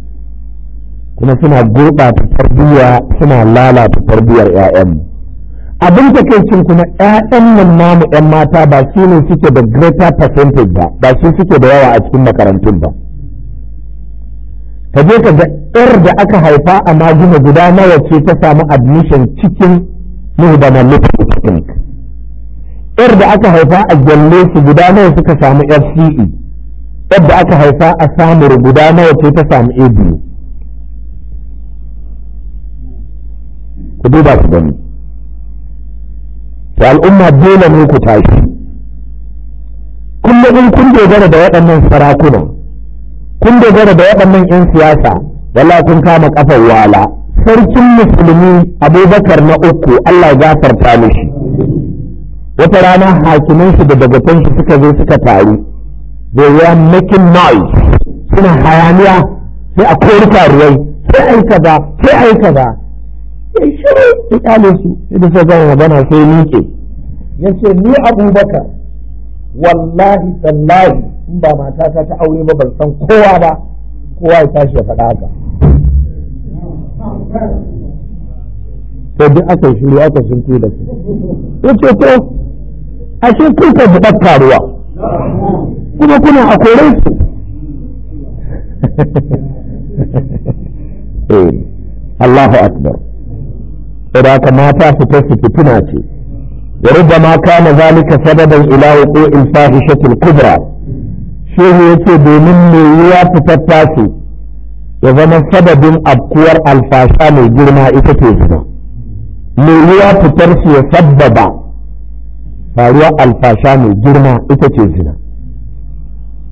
kuma suna gurɓata tarbiyya suna lalata tarbiyyar 'ya'yanmu abin cin kuma 'ya'yan nan namu 'yan mata ba su ne suke da greater percentage ba ba su suke da yawa a cikin makarantun ba ka je ka ga 'yar da aka haifa a majina guda nawa ce ta samu admission cikin muhdaman polytechnic 'yar da aka haifa a gyalle su guda nawa suka samu fce yadda da aka haifa a samur guda nawa ce ta samu abu ku duba su gani to al'umma dole ne ku tashi kullum in kun dogara da waɗannan sarakuna kun dogara da waɗannan 'yan siyasa wala kun kama kafar wala sarkin musulmi abubakar na uku allah gafarta mishi wata rana hakimin shi da dagatan shi suka zo suka taru they were making noise suna hayaniya sai a kori karuwai sai ai ba sai ai ba sai shiru ya kyale su sai da magana sai miƙe ya ce ni abubakar wallahi tallahi in ba matata ta aure ba ban san kowa ba kowa ya tashi ya faɗa haka to duk aka shiru aka shirke da su ya ce to ashe kun ka buɗar taruwa kuma kuna a koren su eh, Allahu Akbar saboda haka mata fita su fitina ce wa ma kana zalika sababan ila wuqu'il fahishatil kubra shehu yace domin me yiwa fita tasu ya zama sababin abkuwar alfasha mai girma ita ce zina me yiwa fita su ya sabbaba faruwar alfasha mai girma ita ce zina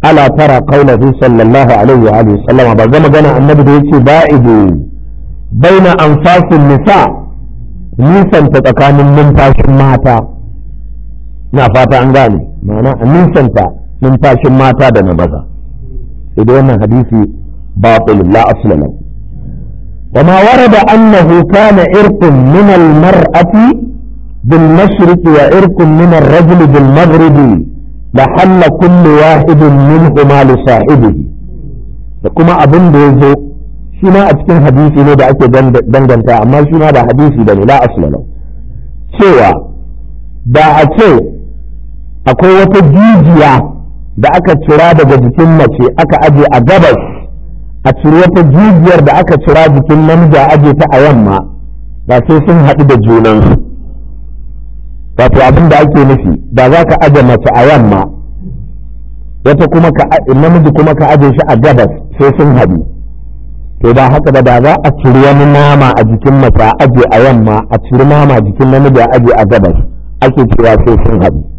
ala tara qaulahu sallallahu alaihi wa alihi sallama ba zama magana annabi da ya yace ba'idu baina anfasin nisa' nisanta tsakanin numfashin mata na fata an gane ma'ana a nisanta numfashin mata da na maza sai dai wannan hadisi batil la asla lahu وما ورد أنه كان إرق من المرأة بالمشرق وإرق من الرجل بالمغرب لحل كل واحد منهما لصاحبه فكما أبن بيزو shi ma a cikin hadisi ne da ake danganta amma shi ma ba hadisi da ne la asmalau cewa da a ce akwai wata jijiya da aka cira daga jikin mace aka aje a gabas a ciri wata jijiyar da aka cira jikin namiji a aje ta a yamma ba sai sun haɗu da junansu wato abin da ake nufi da za ka aje mace a yamma wata kuma ka namiji kuma ka aje shi a gabas sai sun haɗu to ba haka ba da za a ciri wani nama a jikin mace a aje a yamma a ciri nama jikin namiji a aje a gabas ake cewa sai sun haɗu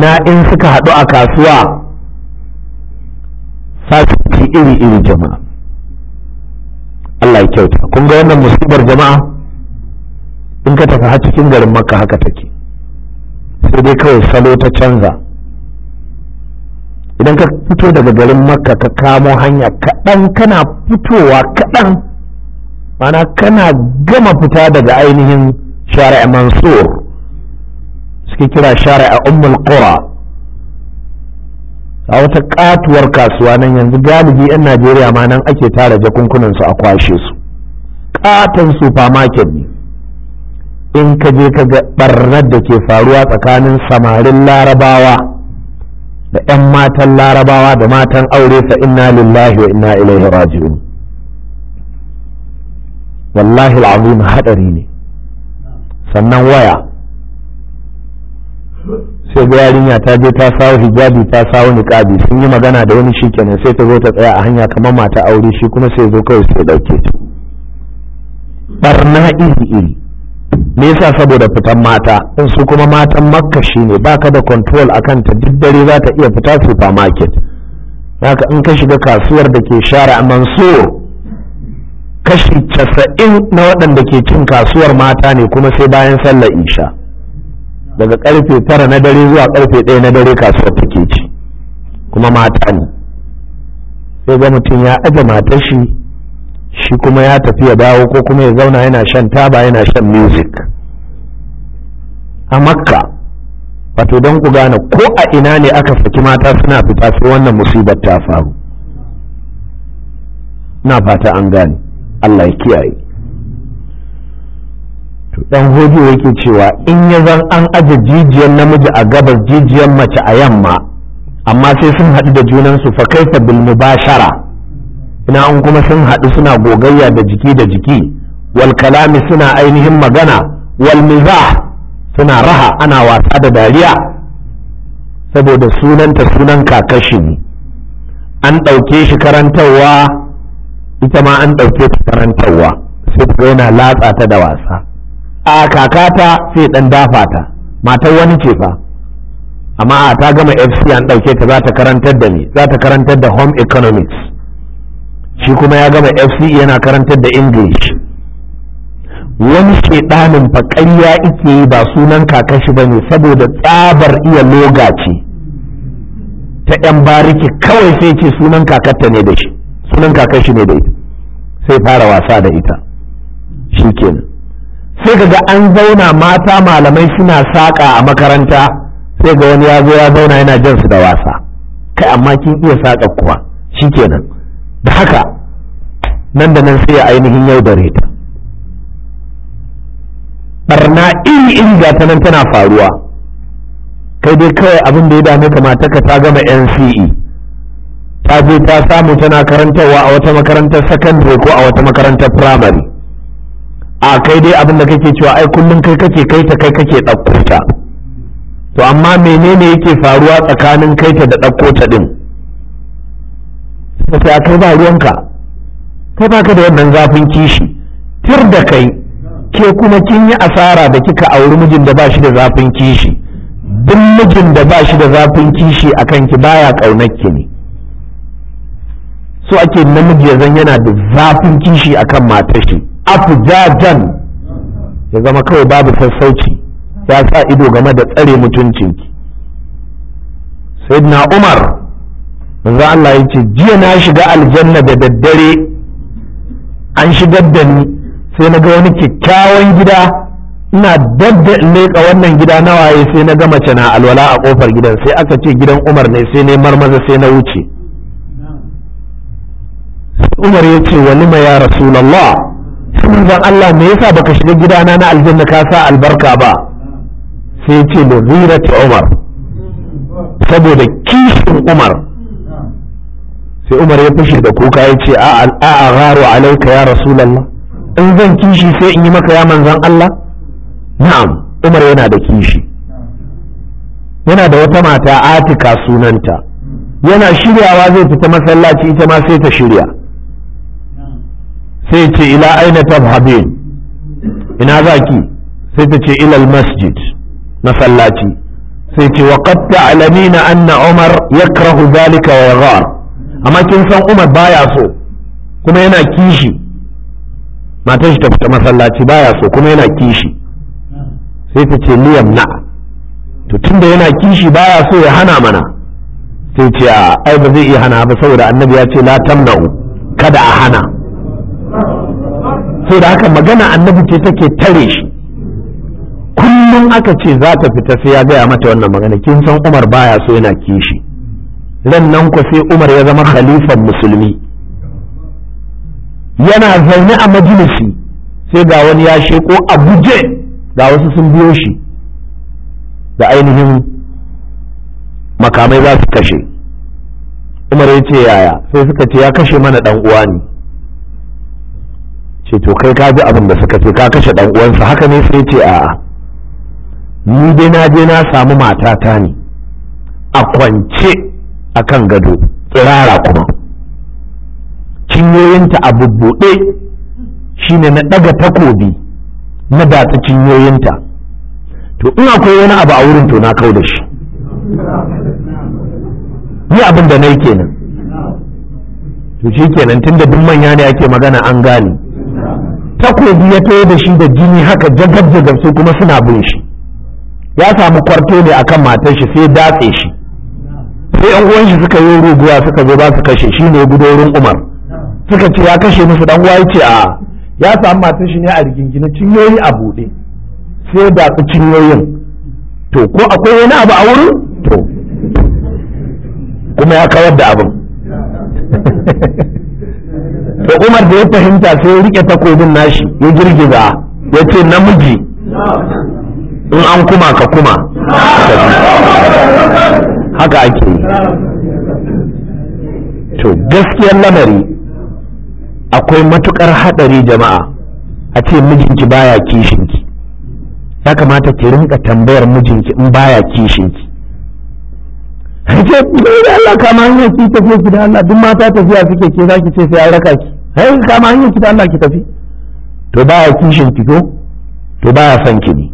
na in suka haɗu a kasuwa ci iri iri jama'a Allah ya kyauta kun ga wannan musibar jama'a in ka tafi har cikin garin makka haka take sai dai kawai salo ta canza idan ka fito daga garin makka ka kamo hanya kaɗan kana fitowa kaɗan mana kana gama fita daga ainihin shari'a mansur suke kira shari'a ummul qura a wata katuwar kasuwa nan yanzu galibi 'yan najeriya ma nan ake tara jakunkunan su a kwashe su katon supermarket ne in ka je ka ga barnar da ke faruwa tsakanin samarin larabawa da 'yan matan larabawa da matan aure fa inna lillahi wa inna ilaihi raji'un wallahi al'azim hadari ne sannan waya sai ga yarinya ta je ta sawo hijabi ta sawo niqabi sun yi magana da wani shikenan sai ta zo ta tsaya a hanya kamar mata aure shi kuma sai zo kawai sai dauke ta barna iri iri me yasa saboda fitan mata in su kuma matan makka shine baka da control akan ta duk dare za ta iya fita supermarket haka in ka shiga kasuwar da ke share a mansur kashi casa'in na waɗanda ke cin kasuwar mata ne kuma sai bayan sallar isha daga karfe tara na dare zuwa karfe ɗaya na dare kasuwar take ci kuma mata ne sai ga mutum ya aje matar shi shi kuma ya tafi ya dawo ko kuma ya zauna yana shan taba yana shan music a makka wato don ku gane ko a ina ne aka saki mata suna fita sai wannan musibar ta faru na fata an gane Allah ya kiyaye dan hojo yake cewa in ya zan an aje jijiyar namiji a gabas jijiyar mace a yamma amma sai sun haɗu da junansu fa kaifa bil mubashara ina an kuma sun haɗu suna gogayya da jiki da jiki wal kalami suna ainihin magana wal mizah suna raha ana wasa da dariya saboda sunanta sunan kakashi ne an ɗauke shi karantarwa ita ma an ɗauke ta karantarwa sai yana latsa ta da wasa a kakata sai dan dafa ta matar wani ce fa amma a ta gama fc an ɗauke ta za ta karantar da ni za ta karantar da home economics shi kuma ya gama fc yana karantar da english wani shedanin fa ƙarya ike yi ba sunan kakashi ba ne saboda tsabar iya loga ce ta yan bariki kawai sai ce sunan kakatta ne da shi sunan kakashi ne da ita sai fara wasa da ita shi shikenan sai ga an zauna mata malamai suna saƙa a makaranta sai ga wani ya zo ya zauna yana jan su da wasa kai amma kin iya saƙa kuwa shikenan da haka nan da nan sai ya ainihin yau da ta barna iri iri ga ta nan tana faruwa kai dai kawai abin da ya dame ka ka ta gama NCE ta je ta samu tana karantarwa a wata makarantar sakandare ko a wata makarantar firamare a kai dai abin da kake cewa ai kullum kai kake kai ta kai kake ɗauko ta to amma menene yake faruwa tsakanin kai ta da ɗauko ta ɗin sai a kai ba ruwanka kai ba ka da wannan zafin kishi tir da kai ke kuma kin yi asara da kika auri mijin da ba shi da zafin kishi duk mijin da ba shi da zafin kishi a kanki baya ƙaunar ki ne so ake namiji ya zan yana da zafin kishi akan kan shi afjajan ya zama kawai babu sassauci ya sa ido game da tsare mutuncinki sayyidina umar manzo Allah ya ce jiya na shiga aljanna da daddare an shigar da ni sai na ga wani kyakkyawan gida ina dadda in leƙa wannan gida na waye sai na ga mace na alwala a kofar gidan sai aka ce gidan Umar ne sai ne marmaza sai na wuce Umar ya ce walima ya Rasulullah sun zan Allah me yasa baka shiga gidana na aljanna ka sa albarka ba sai ya ce lirati umar saboda kishin umar sai umar ya fushi da kuka ya ce a'a gharu alaika ya rasulallah in zan kishi sai in yi maka ya manzan Allah na'am umar yana da kishi yana da wata mata atika sunanta yana shiryawa zai fita masallaci ita ma sai ta shirya sai ce ila aina tadhhabin ina zaki sai ta ce ila masjid masallaci sai ce wa qad ta'lamina anna umar yakrahu zalika wa yaghar amma kin san umar baya so kuma yana kishi matar shi ta fita masallaci baya so kuma yana kishi sai ta ce liyam na to tunda yana kishi baya so ya hana mana sai ce ai ba zai iya hana ba saboda annabi ya ce la tamna'u kada a hana so da haka magana annabi ce take tare shi kullum aka ce za ta fita sai ya gaya mata wannan magana kin san umar baya so yana kishi ran nan ku sai umar ya zama khalifan musulmi yana zaune a majalisi sai ga wani ya sheko a guje ga wasu sun biyo shi da ainihin makamai za su kashe umar ya ce yaya sai suka ce ya kashe mana dan uwa ne ce to kai ka ji abin da suka ce ka kashe dan uwansa haka ne sai ce a'a ni dai na je na samu matata ne a kwance a kan gado tsirara kuma cinyoyinta a bubbuɗe ne na ɗaga takobi na datsa cinyoyinta to in akwai wani abu a wurin to na kau da shi ni abin da na yi kenan to shi kenan da duk manya ne ake magana an gane takobi ya tayo da shi da jini haka jagar jagar su kuma suna bin shi ya samu kwarto ne akan matar shi sai datse shi sai yan uwan shi suka yi ruguwa suka zo ba su kashe shi ne gudorin umar suka ce ya kashe musu dan uwa ce a ya samu matar shi ne a rigingina cinyoyi a bude sai da su cinyoyin to ko akwai wani abu a wurin to kuma ya kawar da abin da umar da ya fahimta sai ya rike takobin nashi ya girgiza ya ce namiji in an kuma ka kuma haka ake yi to gaskiyar lamari akwai matukar hadari jama'a a ce mijinki baya kishinki ya kamata ki rinka tambayar mijinki in baya kishinki ce bai da Allah kama hanyar ki tafiya ki da Allah duk mata tafiya suke ke za ki ce sai an raka ki hai kama hanyar ki da Allah ki tafi to ba ya kishin ki ko to ba ya son ki ne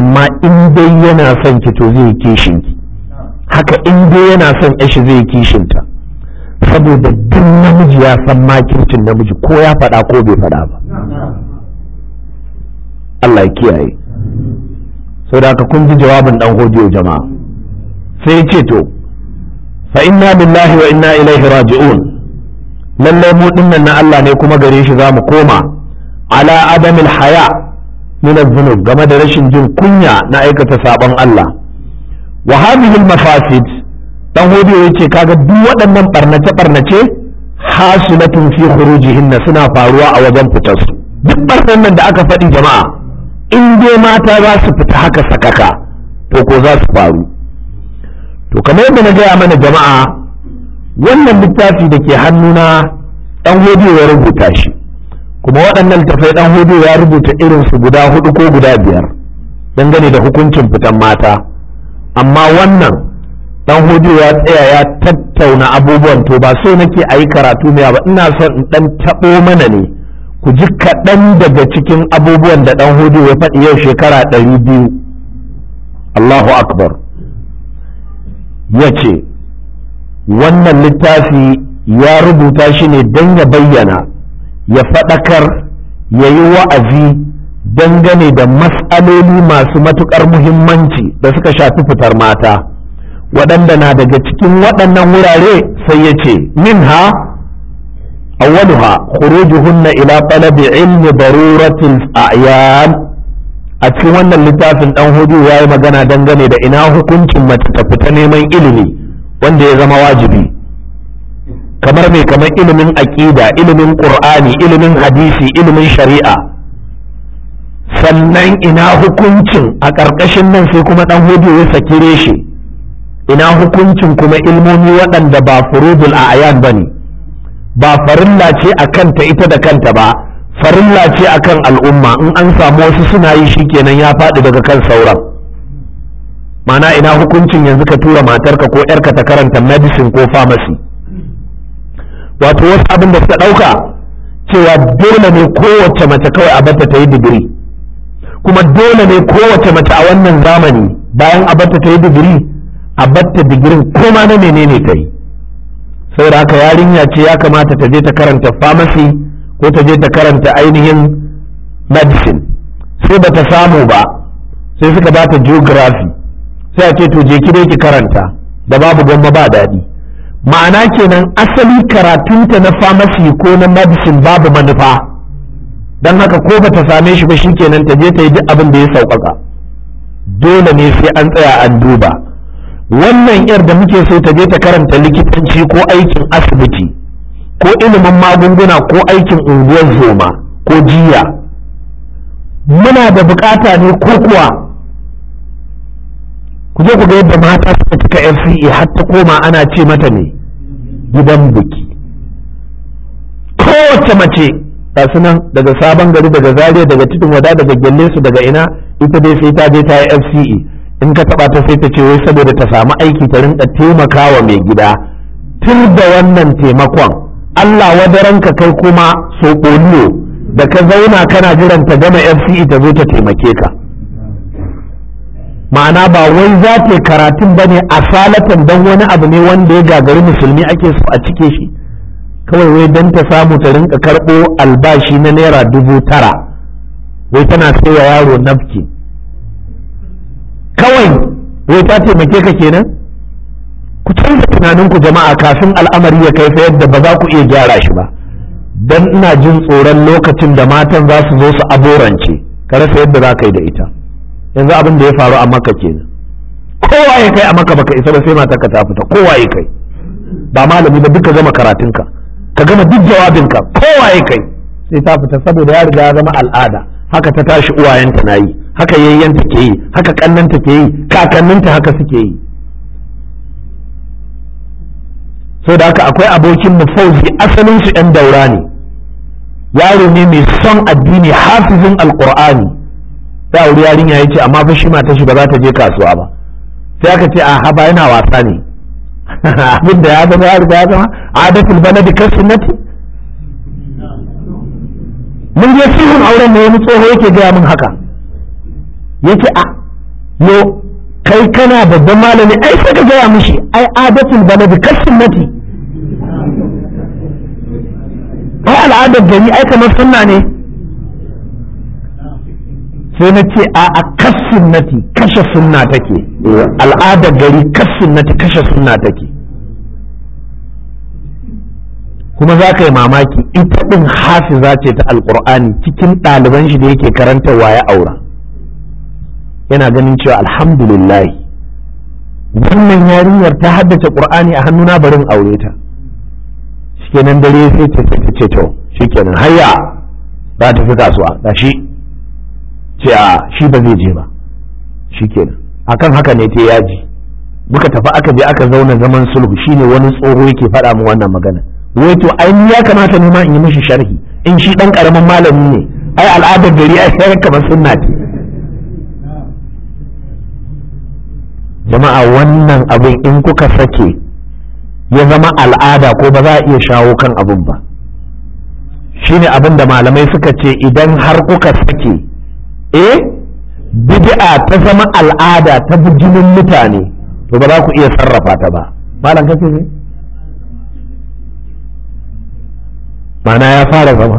amma in dai yana son ki to zai kishin ki haka in dai yana son shi zai kishin ta saboda duk namiji ya san makircin namiji ko ya faɗa ko bai faɗa ba Allah ya kiyaye Sau da haka kun ji jawabin dan hodiyo jama'a sai ya ce to fa inna billahi wa inna ilaihi raji'un lallai mu dinnan na Allah ne kuma gare shi zamu koma ala adamil haya min zunub game da rashin jin kunya na aikata sabon Allah wa hadhihi al mafasid dan hudu yace kaga duk waɗannan barnace barnace hasilatun fi khurujihinna suna faruwa a wajen fitar su duk barnan nan da aka faɗi jama'a in dai mata za su fita haka sakaka to ko za su faru to kamar yadda na gaya mana jama'a wannan littafi da ke hannuna dan hodiyo ya rubuta shi kuma waɗannan tafai dan hodiyo ya rubuta irin su guda hudu ko guda biyar dangane da hukuncin fitan mata amma wannan ɗan hodiyo ya tsaya ya tattauna abubuwan to ba so nake a yi karatu mai ba ina son in ɗan taɓo mana ne ku ji kaɗan daga cikin abubuwan da ɗan hodiyo ya faɗi yau shekara ɗari biyu Allahu akbar ya ce wannan littafi ya rubuta shi ne don ya bayyana ya faɗakar ya yi wa'azi dangane da matsaloli masu matuƙar muhimmanci da suka shafi fitar mata waɗanda na daga cikin waɗannan wurare sai ya ce minha ha khurujuhunna ila talabi ilmi daruratil a'yan a cikin wannan littafin ɗan hudu ya yi magana dangane da ina hukuncin mace ta fita neman ilimi wanda ya zama wajibi kamar mai kamar ilimin aƙida ilimin ƙur'ani ilimin hadisi ilimin shari'a sannan ina hukuncin a ƙarƙashin nan sai kuma ɗan hudu ya sakire shi ina hukuncin kuma ilmomi waɗanda ba furudul a ayan ba ne ba farilla ce a kanta ita da kanta ba farilla ce kan al'umma in an samu wasu suna yi shikenan ya faɗi daga kan sauran mana ina hukuncin yanzu ka tura matarka ko yarka ta karanta medicine ko pharmacy wato wasu abin da suka ɗauka cewa dole ne kowace mace kawai a bata ta yi digiri kuma dole ne kowace mace a wannan zamani bayan a bata ta yi digiri a bata digirin koma na menene ta yi saboda haka yarinya ce ya kamata ta je ta karanta pharmacy ko ta je ta karanta ainihin medicine sai ba ta samu ba sai suka ba ta geography sai a ce to je ki ki karanta da babu gwamma ba daɗi ma'ana kenan asali karatunta na pharmacy ko na medicine babu manufa don haka ko ba ta same shi ba kenan ta je ta yi duk abin da ya sauƙaƙa dole ne sai an tsaya an duba wannan yar da muke so ta je ta karanta likitanci ko aikin asibiti ko ilimin magunguna ko aikin unguwar zoma ko jiya muna da bukata ne ko kuwa ku je ku ga yadda mata suka cika FCE har ta koma ana ce mata ne gidan buki kowace mace ga nan daga sabon gari daga zariya daga titin wada daga gyalle su daga ina ita dai sai ta je ta yi FCE in ka taba ta sai ta ce wai saboda ta samu aiki ta rinka taimakawa mai gida tun da wannan taimakon Allah ka kai kuma soƙoliyo da ka zauna kana jiran ta gama FCE ta zo ta taimake ka ma'ana ba wai za ta karatun ba ne a salatan don wani abu ne wanda ya gagari musulmi ake so a cike shi kawai wai don ta samu ta rinka karɓo albashi na naira dubu tara wai tana sai yaro nafki kawai wai ta taimake ka kenan ku canza tunanin ku jama'a kafin al'amari ya kai fa yadda ba za ku iya gyara shi ba dan ina jin tsoron lokacin da matan za su zo su aborance ka rasa yadda za ka yi da ita yanzu abin da ya faru a maka kenan kowa ya kai a maka baka isa ba sai mata ka ta fita kowa ya kai ba malami ba duka gama karatunka ka gama duk jawabinka kowa ya kai sai ta fita saboda ya riga zama al'ada haka ta tashi uwayenta na yi haka yayyanta ke yi haka kannanta ke yi kakanninta haka suke yi so da haka akwai abokin mu fauzi asalin su yan daura ne yaro ne mai son addini hafizin alkur'ani ya aure yarinya yace amma fa shi mata shi ba za ta je kasuwa ba sai aka ce a haba yana wasa ne abinda da ya zama ya riga ya zama adatul baladi kasunnati mun je sihun auren ne wani tsoho yake gaya min haka yace a yo kai kana babban malami ai sai ka gaya mishi ai adatul baladi mati ai al'adar gari ai kamar sunna ne sai na ce a a mati kashe sunna take al'adar gari mati kashe sunna take kuma za ka yi mamaki ita ɗin za ce ta alƙur'ani cikin ɗaliban shi da yake karantarwa ya aura yana ganin cewa alhamdulillah wannan yarinyar ta haddace qur'ani a hannuna barin aure ta shikenan dare sai ce ce ce to shikenan hayya Ba ta fi kasuwa da shi ce a shi ba zai je ba shikenan akan haka ne ta yaji muka tafi aka je aka zauna zaman sulhu shine wani tsoro yake faɗa mu wannan magana wai to ai ya kamata ne ma in yi mishi sharhi in shi dan karamin malami ne ai al'adar gari ai kamar sunna ce jama'a wannan abin in kuka sake ya zama al'ada ko ba za a iya shawo kan abin ba shine abin da malamai suka ce idan har kuka sake eh bid'a ta zama al'ada ta bijinin mutane to ba za ku iya sarrafa ta ba malam kace ne ma'ana ya fara zama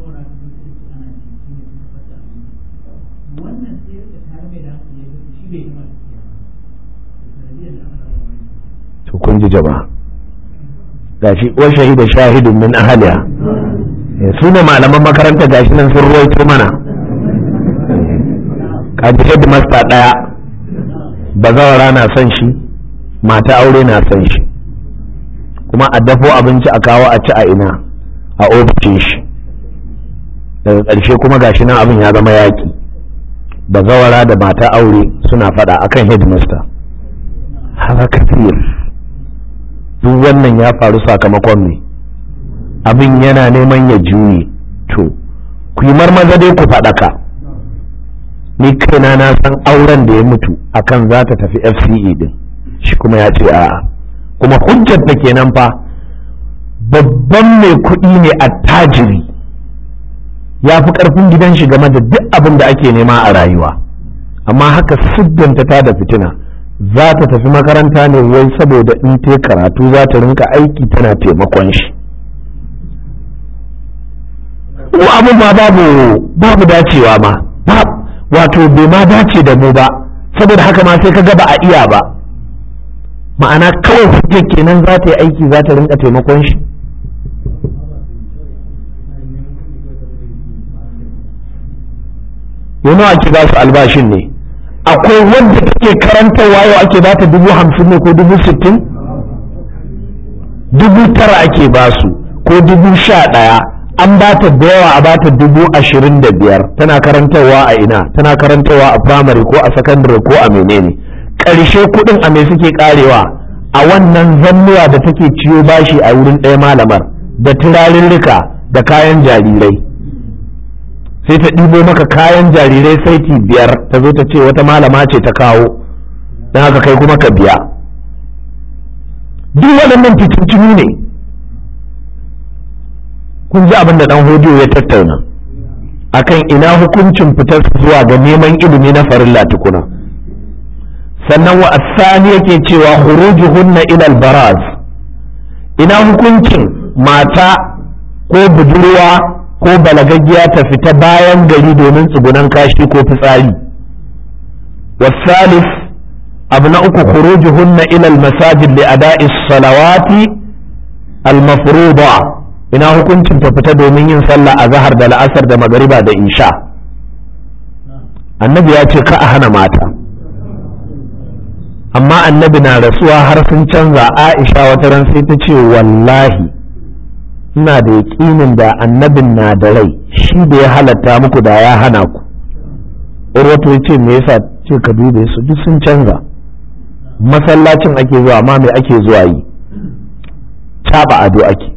wannan sai da shi bai to kun ji jama'a gashi shahida shahidun min eh, malaman makaranta gashi nan sun ruwaito mana kaji headmaster daya bazawara na son shi mata aure na son shi kuma a dafo abinci a kawo a ci a ina a ofishin shi daga ƙarshe kuma gashi nan abin ya zama yaƙi da zawara da mata aure suna faɗa akan headmaster haka duk wannan ya faru sakamakon ne abin yana neman ya juye to ku yi marmaza dai ku ka. ni kaina na san auren da ya mutu akan za ta tafi fce din shi kuma ya ce a'a kuma hujjar ta kenan fa babban mai kuɗi ne a tajiri. ya fi ƙarfin gidan shi game da duk abin da ake nema a rayuwa amma haka siddanta ta da fitina za ta tafi makaranta ne wai saboda in ta karatu za ta rinka aiki tana taimakon shi ko abin ma babu babu dacewa ma wato bai ma dace da mu ba saboda haka ma sai ka gaba a iya ba ma'ana kawai fitar kenan za ta yi aiki za ta rinka taimakon shi yana ake ba su albashin ne akwai wanda take karantarwa yau ake ba ta dubu hamsin ne ko dubu sittin dubu tara ake ba su ko dubu sha ɗaya an ba ta da yawa a ba ta dubu ashirin da biyar tana karantarwa a ina tana karantarwa a firamare ko a sakandare ko a menene ƙarshe kuɗin a me suke ƙarewa a wannan zannuwa da take ciyo bashi a wurin ɗaya malamar da turarin da kayan jarirai sai ta ɗibo maka kayan jarirai saiti biyar ta zo ta ce wata malama ce ta kawo don haka kai kuma ka biya duk waɗannan fitattunu ne kun ji abin da ɗan hodiyo ya tattauna akan ina hukuncin fitar zuwa ga neman ilimi na farin latukuna sannan wa asani yake cewa hunna ilal baraz ina hukuncin mata ko budurwa ko balagaggiya ta fita bayan gari domin tsugunan kashi ko fitsari wasalif abu na uku hunna ilal almasajid li ada'i salawati almafruda ina hukuncin ta fita domin yin sallah a zahar da la'asar da magariba da isha annabi ya ce ka a hana mata amma annabi na rasuwa har sun canza aisha wata ran sai ta ce wallahi ina da yaƙinin da annabin na da rai shi da ya halatta muku da ya hana ku urwatu ya ce me yasa ce ka dube su duk sun canza masallacin ake zuwa amma me ake zuwa yi taba ado ake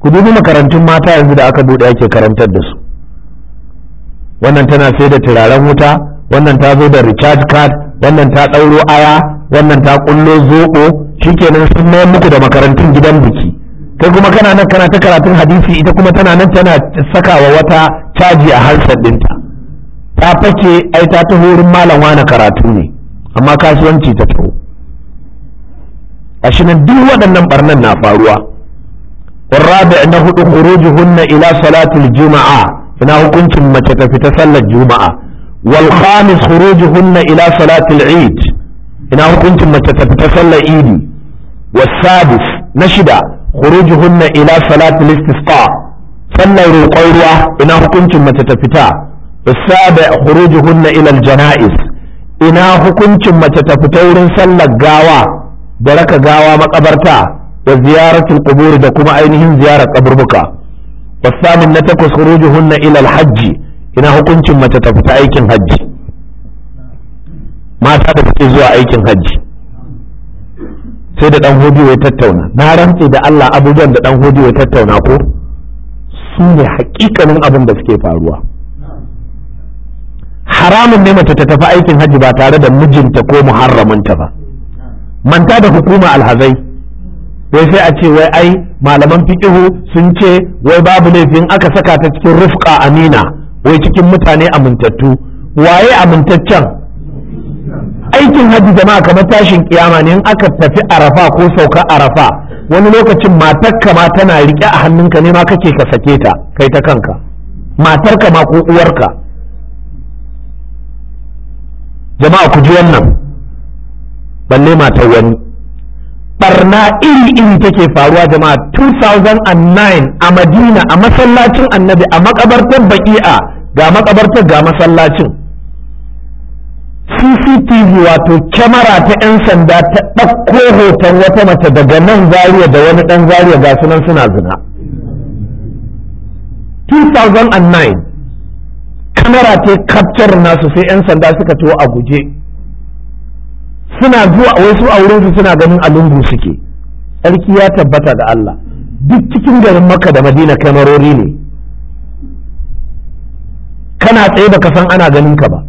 ku dubi makarantun mata yanzu da aka bude ake karantar da su wannan tana sai da turaren wuta wannan ta zo da recharge card wannan ta ɗauro aya wannan ta ƙullo zoɓo shikenan sun mayar muku da makarantun gidan biki kai kuma kana nan kana ta karatun hadisi ita kuma tana nan tana sakawa wata caji a harsar dinta ta fake ai ta taho wurin malam wani karatu ne amma kasuwanci ta taho ashe nan duk waɗannan barnan na faruwa والرابع na hudu خروجهن ila salatul juma'a ina hukuncin mace ta sallar juma'a wal khamis khurujuhunna ila salatil eid ina hukuncin mace ta sallar idi was sadis na shida khurujuhunna ila salati istisqa sallar roƙon ruwa ina hukuncin mace ta fita sabi khurujuhunna ila janaiz ina hukuncin mace ta fita wurin sallar gawa da raka gawa makabarta da ziyaratul qubur da kuma ainihin ziyarar kaburbuka wasamin na takwas khurujuhunna ila alhajji ina hukuncin mace ta fita aikin hajji mata da suke zuwa aikin hajji sai da dan hodiyo ya tattauna na rantse da Allah abubuwan da dan hodiyo ya tattauna ko su ne hakikanin abin da suke faruwa haramun ne mace ta tafi aikin hajji ba tare da mijinta ko muharraminta ba manta da hukuma alhazai wai sai a ce wai ai malaman fiqihu sun ce wai babu laifin aka saka ta cikin rufka amina wai cikin mutane amintattu waye amintaccen aikin hajji jama'a kamar tashin kiyama ne in aka tafi arafa ko sauka arafa wani lokacin matarka ma tana rike a hannunka ne ma kake ka sake ta kai ta kanka matarka ma ko uwarka jama'a ku ji wannan balle matar wani barna iri-iri take faruwa jama'a 2009 a madina a masallacin annabi a makabartar baki'a ga makabartar ga masallacin cctv wato kyamara ta 'yan sanda ta ɗauko hoton wata mace daga nan zariya da wani ɗan zariya ga nan suna zina 2009 kamera ta capture nasu sai 'yan sanda suka tuwo a guje suna zuwa wasu a su suna ganin lungu suke tsarki ya tabbata ga Allah duk cikin garin maka da madina kamarori ne kana tsaye baka san ana ganin ka ba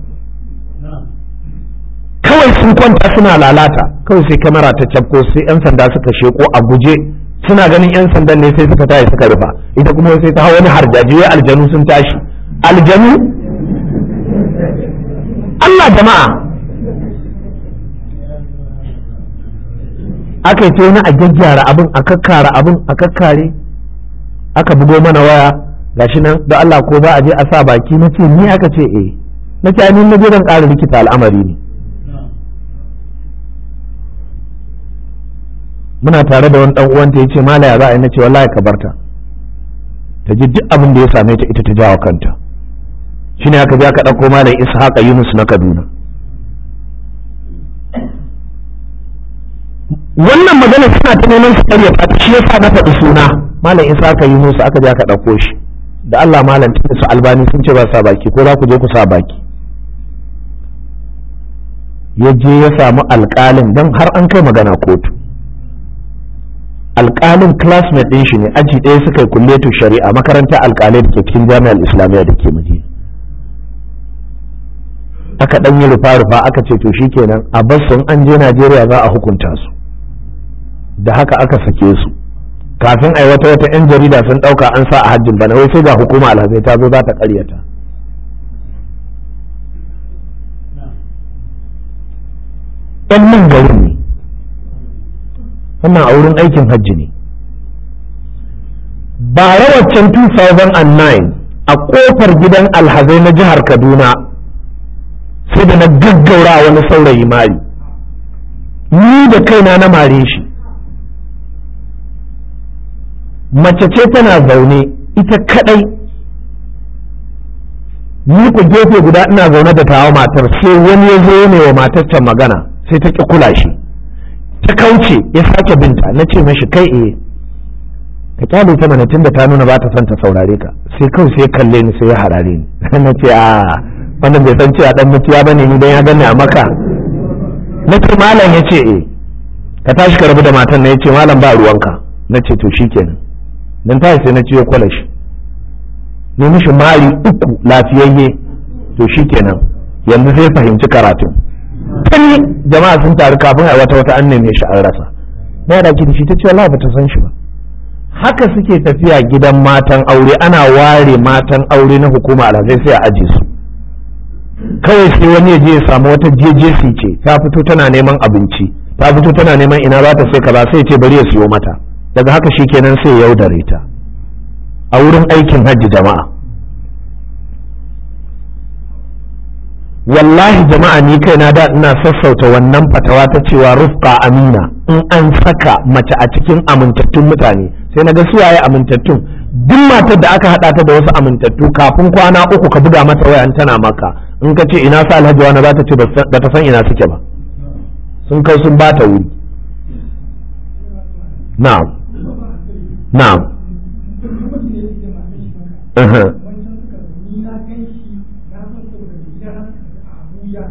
kawai sun kwanta suna lalata kawai sai kamera ta cakko sai yan sanda suka sheko a guje suna ganin yan sandan ne sai suka tashi suka rufa ita kuma sai ta wani harjaji aljanu sun tashi aljanu Allah jama'a aka yi tona a gyaggyara abin a kakkara abin a kakkare aka bugo mana waya gashi nan da Allah ko ba a je a sa baki nace ni aka ce eh nace ni na je dan ƙara likita al'amari ne muna tare da wani dan uwanta yace malaya za a yi nace wallahi ka barta ta ji duk abin da ya same ta ita ta jawo kanta shine aka je aka dauko malam Ishaqa Yunus na Kaduna wannan magana suna ta neman su ta shi yasa na faɗi suna malam Ishaqa Yunus aka je aka dauko shi da Allah malam tun su albani sun ce ba sa baki ko za ku je ku sa baki ya je ya samu alƙalin don har an kai magana kotu alƙalin classmate ɗin shi ne aji ɗaya suka yi kulletu shari'a makaranta alƙalai da ke cikin jami'ar islamiyya da ke madina aka ɗan yi rufa-rufa aka ce to shi shikenan a basun an je najeriya za a hukunta su da haka aka sake su kafin a yi wata wata 'yan jarida sun ɗauka an sa a hajjin bana wai sai ga hukuma alhazai ta zo za ta ƙaryata yan nan garin ne wannan a wurin aikin hajji ne ba rawaccen 2009 a kofar gidan alhazai na jihar kaduna sai da na gaggaura wani saurayi mari ni da kaina na mare shi mace ce tana zaune ita kadai ni ku gefe guda ina zaune da tawa matar sai wani ya zo ne wa matar can magana sai ta ƙi kula shi ta kauce ya sake binta na ce mashi kai eh ka kyale ta mana tunda ta nuna ba ta son ta saurare ka sai kawai sai kalle ni sai ya harare ni na ce a wannan bai san cewa dan mutuwa bane ni dan ya gane a maka na ce malam ya ce eh ka tashi ka rabu da matan na ya ce malam ba ruwanka na ce to shikenan dan ta sai na ciyo kwalash ne mishi mari uku lafiyayye to shikenan yanzu sai fahimci karatu. tuni jama'a sun taru kafin a wata wata an neme shi an rasa na da ki da shi ta ce wallahi bata san shi ba haka suke tafiya gidan matan aure ana ware matan aure na hukuma alhazai sai a aje su kawai sai wani ya ya samu wata jejesi ce ta fito tana neman abinci ta fito tana neman ina za ta sai kaza sai ce bari ya siyo mata daga haka shikenan sai ya yaudare ta a wurin aikin hajji jama'a wallahi jama'a ni kaina da ina sassauta wannan fatawa ta cewa rufka amina in an saka mace a cikin amintattun mutane sai na ga suwaye amintattun duk matar da aka hada ta da wasu amintattu kafin kwana uku ka buga mata waya tana maka in ka ce ina sa alhaji wani za ta ce ba ta san ina suke ba sun kai sun bata wuri na'am na'am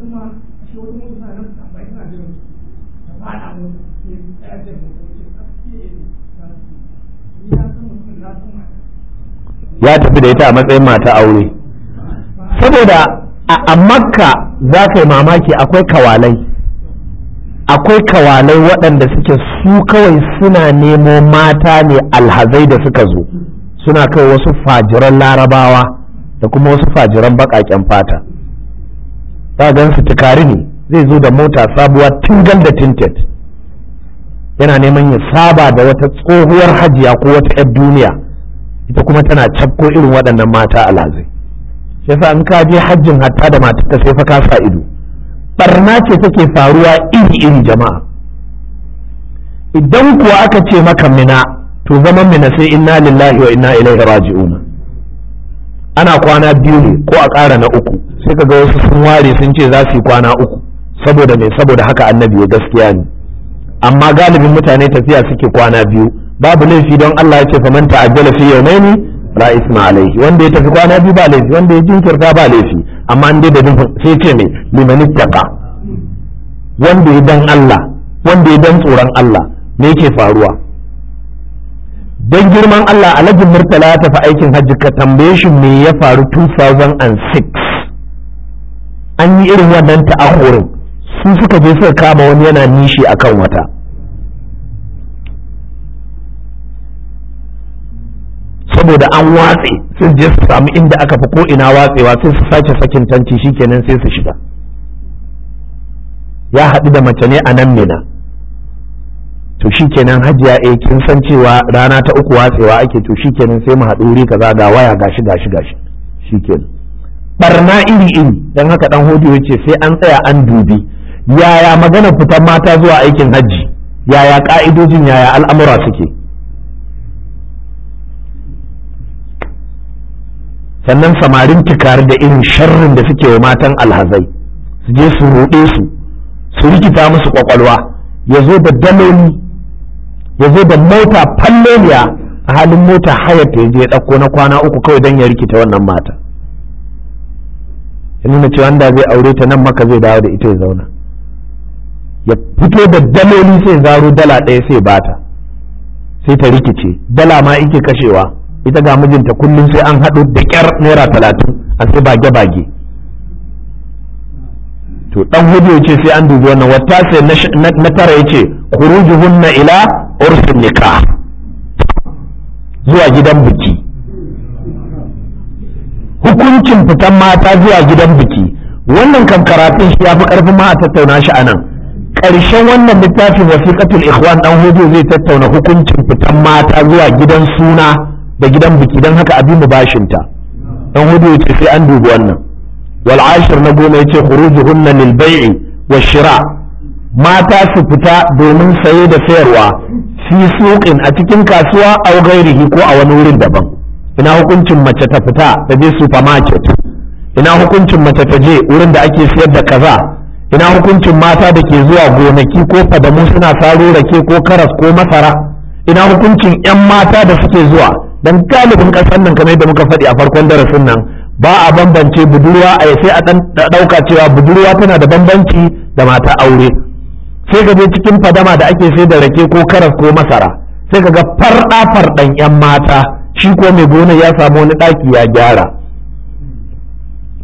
kuma shi wani mutu nan ta fada mu ya tafi da ita a matsayin mata aure saboda a makka za ka yi mamaki akwai kawalai akwai kawalai waɗanda suke su kawai suna nemo mata ne alhazai da suka zo suna kai wasu fajiran larabawa da kuma wasu fajiran baƙaƙen fata za gan su tukari ne zai zo da mota sabuwa tingal da tinted yana neman ya saba da wata tsohuwar hajiya ko wata 'yar duniya ita kuma tana cafko irin waɗannan mata a lazai shi yasa an ka je hajjin hatta da ta sai fa ka sa ido barna ce take faruwa iri iri jama'a idan kuwa aka ce maka mina to zaman mina sai inna lillahi wa inna ilaihi raji'un ana kwana biyu ne ko a ƙara na uku sai ka ga wasu sun ware sun ce za su yi kwana uku saboda mai saboda haka annabi ya gaskiya ne amma galibin mutane tafiya suke kwana biyu babu laifi don Allah ya ce fa manta ajala fi yawmaini la isma alayhi wanda ya tafi kwana biyu ba laifi wanda ya jinkirta ba laifi amma an dai da nufin sai ce mai liman ittaqa wanda ya dan Allah wanda ya dan tsoron Allah me yake faruwa don girman Allah lajin murtala ya tafi aikin hajji ka tambaye shi me ya faru 2006 an yi irin wannan ta ta'ahurin su suka je suka kama wani yana nishi a kan wata saboda an watse sai je su samu inda aka fi ko ina watsewa sai su sace sakin tanti shikenan sai su shiga ya haɗu da mace ne a nan mina to shikenan hajiya eh kin san cewa rana ta uku watsewa ake to shikenan sai mu haɗu wuri kaza ga waya gashi gashi gashi shikenan barna iri iri dan haka dan hodi yace sai an tsaya an dubi yaya magana fitan mata zuwa aikin hajji yaya ka'idojin yaya al'amura suke sannan samarin tikar da irin sharrin da suke wa matan alhazai su je su ruɗe su su rikita musu kwakwalwa ya zo da daloli ya zo da mota falloliya a halin mota hayar ya je ya ɗauko na kwana uku kawai don ya rikita wannan mata ya nuna cewa da zai aure ta nan maka zai dawo da ita ya zauna ya fito da daloli sai zaro dala ɗaya sai bata sai ta rikice dala ma ike kashewa ita ga mijinta kullum sai an haɗu da kyar naira talatin a sai bage-bage to dan hudu yace sai an dubi wannan wata sai na tara yace khurujuhunna ila urfin nikah zuwa gidan biki hukuncin fitan mata zuwa gidan biki wannan kan karatun shi ya fi karfin ma a tattauna shi anan ƙarshen wannan littafin wasiqatul ikhwan dan hudu zai tattauna hukuncin fitan mata zuwa gidan suna da gidan biki dan haka abin mu bashinta dan hudu yace sai an dubi wannan wal ashir na goma yace khurujuhunna lil bai'i wa shira mata su fita domin saye da sayarwa fi suqin a cikin kasuwa aw ghairihi ko a wani wurin daban ina hukuncin mace ta fita ta je supermarket ina hukuncin mace ta je wurin da ake siyar da kaza ina hukuncin mata da ke zuwa gonaki ko fadamu suna saro rake ko karas ko masara ina hukuncin 'yan mata da suke zuwa don galibin ƙasar nan kamar yadda muka faɗi a farkon darasin nan ba a bambance budurwa a sai a ɗauka cewa budurwa tana da bambanci da mata aure sai ka je cikin fadama da ake sai da rake ko karas ko masara sai ka ga farɗa farɗan 'yan mata shi ko mai gona ya samu wani ɗaki ya gyara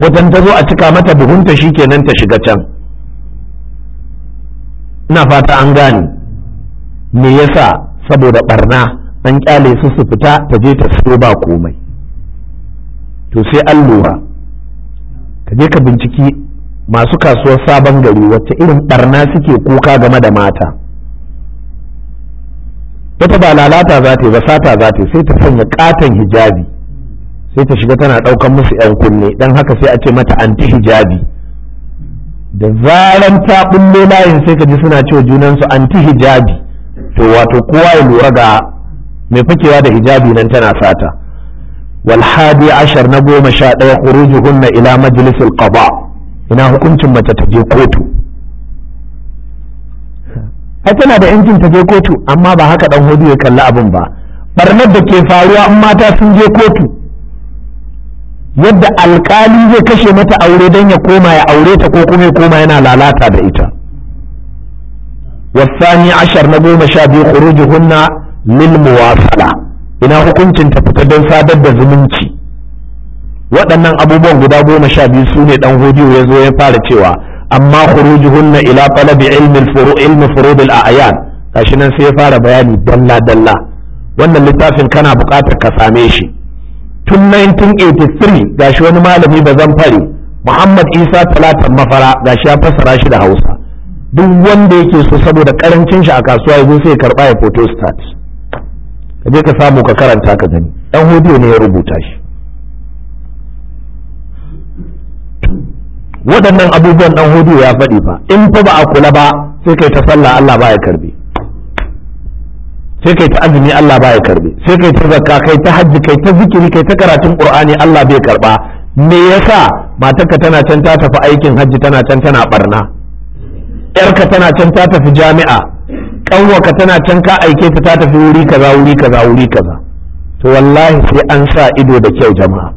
watan ta zo a cika mata buhunta shi kenan ta shiga can ina fata an gane me yasa saboda barna an kyale su su fita ta je ta siyo ba komai to sai an lura ka je ka binciki masu kasuwar sabon gari wacce irin barna suke kuka game da mata wata ba lalata za ta yi ba sata za ta yi sai ta sanya katon hijabi sai ta shiga tana ɗaukan musu 'yan kunne dan haka sai a ce mata anti hijabi da zaran ta bullo layin sai ka ji suna cewa junansu anti hijabi to wato kowa ya lura ga mai fakewa da hijabi nan tana sata walhadi hadi ashar na goma sha ɗaya khurujuhunna ila majlisil qada ina hukuncin mace ta je kotu ai tana da yancin ta je kotu amma ba haka ɗan hudu ya kalli abin ba ɓarnar da ke faruwa in mata sun je kotu yadda alkali zai kashe mata aure dan ya koma ya aure ta ko kuma ya koma yana lalata da ita wasani ashar na goma sha biyu khurujuhunna lil muwasala ina hukuncin ta fita don sadar da zumunci waɗannan abubuwan guda goma sha biyu su ne ɗan hodiyo ya zo ya fara cewa amma hunna ila talabi ilmi furu ilmi furudil a'yan gashi nan sai ya fara bayani dalla dalla wannan littafin kana buƙatar ka same shi tun 1983 gashi wani malami ba zan fare Muhammad Isa Talatan Mafara gashi ya fassara shi da Hausa duk wanda yake so saboda karancin shi a kasuwa ya zo sai ya karba ya photostat ka je ka samu ka karanta ka gani dan hudu ne ya rubuta shi waɗannan abubuwan ɗan hudu ya faɗi ba in fa ba a kula ba sai kai ta sallah Allah ba ya karbe sai kai ta azumi Allah ba ya karbe sai kai ta zakka kai ta hajji kai ta zikiri kai ta karatun qur'ani Allah bai karba me yasa matarka tana can ta tafi aikin hajji tana can tana barna yarka tana can ta tafi jami'a ƙanwaka tana can ka aike ta ta tafi wuri kaza wuri kaza wuri kaza to wallahi sai an sa ido da kyau jama'a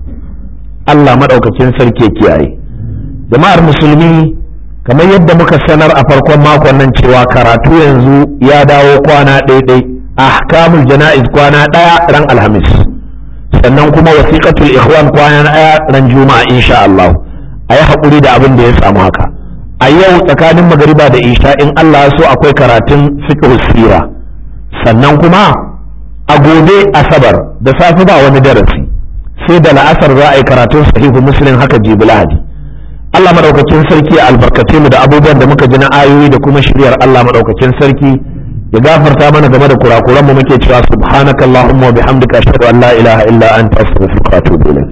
Allah maɗaukacin sarki kiyaye jama'ar musulmi kamar yadda muka sanar a farkon makon nan cewa karatu yanzu ya dawo kwana ɗaiɗai ahkamul jana'iz kwana ɗaya ran alhamis sannan kuma wasiqatul ikhwan kwana ɗaya ran juma'a insha Allah a yi haƙuri da abin da ya samu haka a yau tsakanin magariba da isha in Allah so akwai karatun fiqh sira sannan kuma a gobe asabar da safe ba wani darasi sai da la'asar za a yi karatun sahihu muslim haka jibi lahadi Allah madaukakin sarki ya albarkace mu da abubuwan da muka ji na ayoyi da kuma shiryar Allah madaukakin sarki ya gafarta mana game da kurakuran mu muke cewa subhanakallahumma wa bihamdika ashhadu an la ilaha illa anta astaghfiruka wa atubu ilayk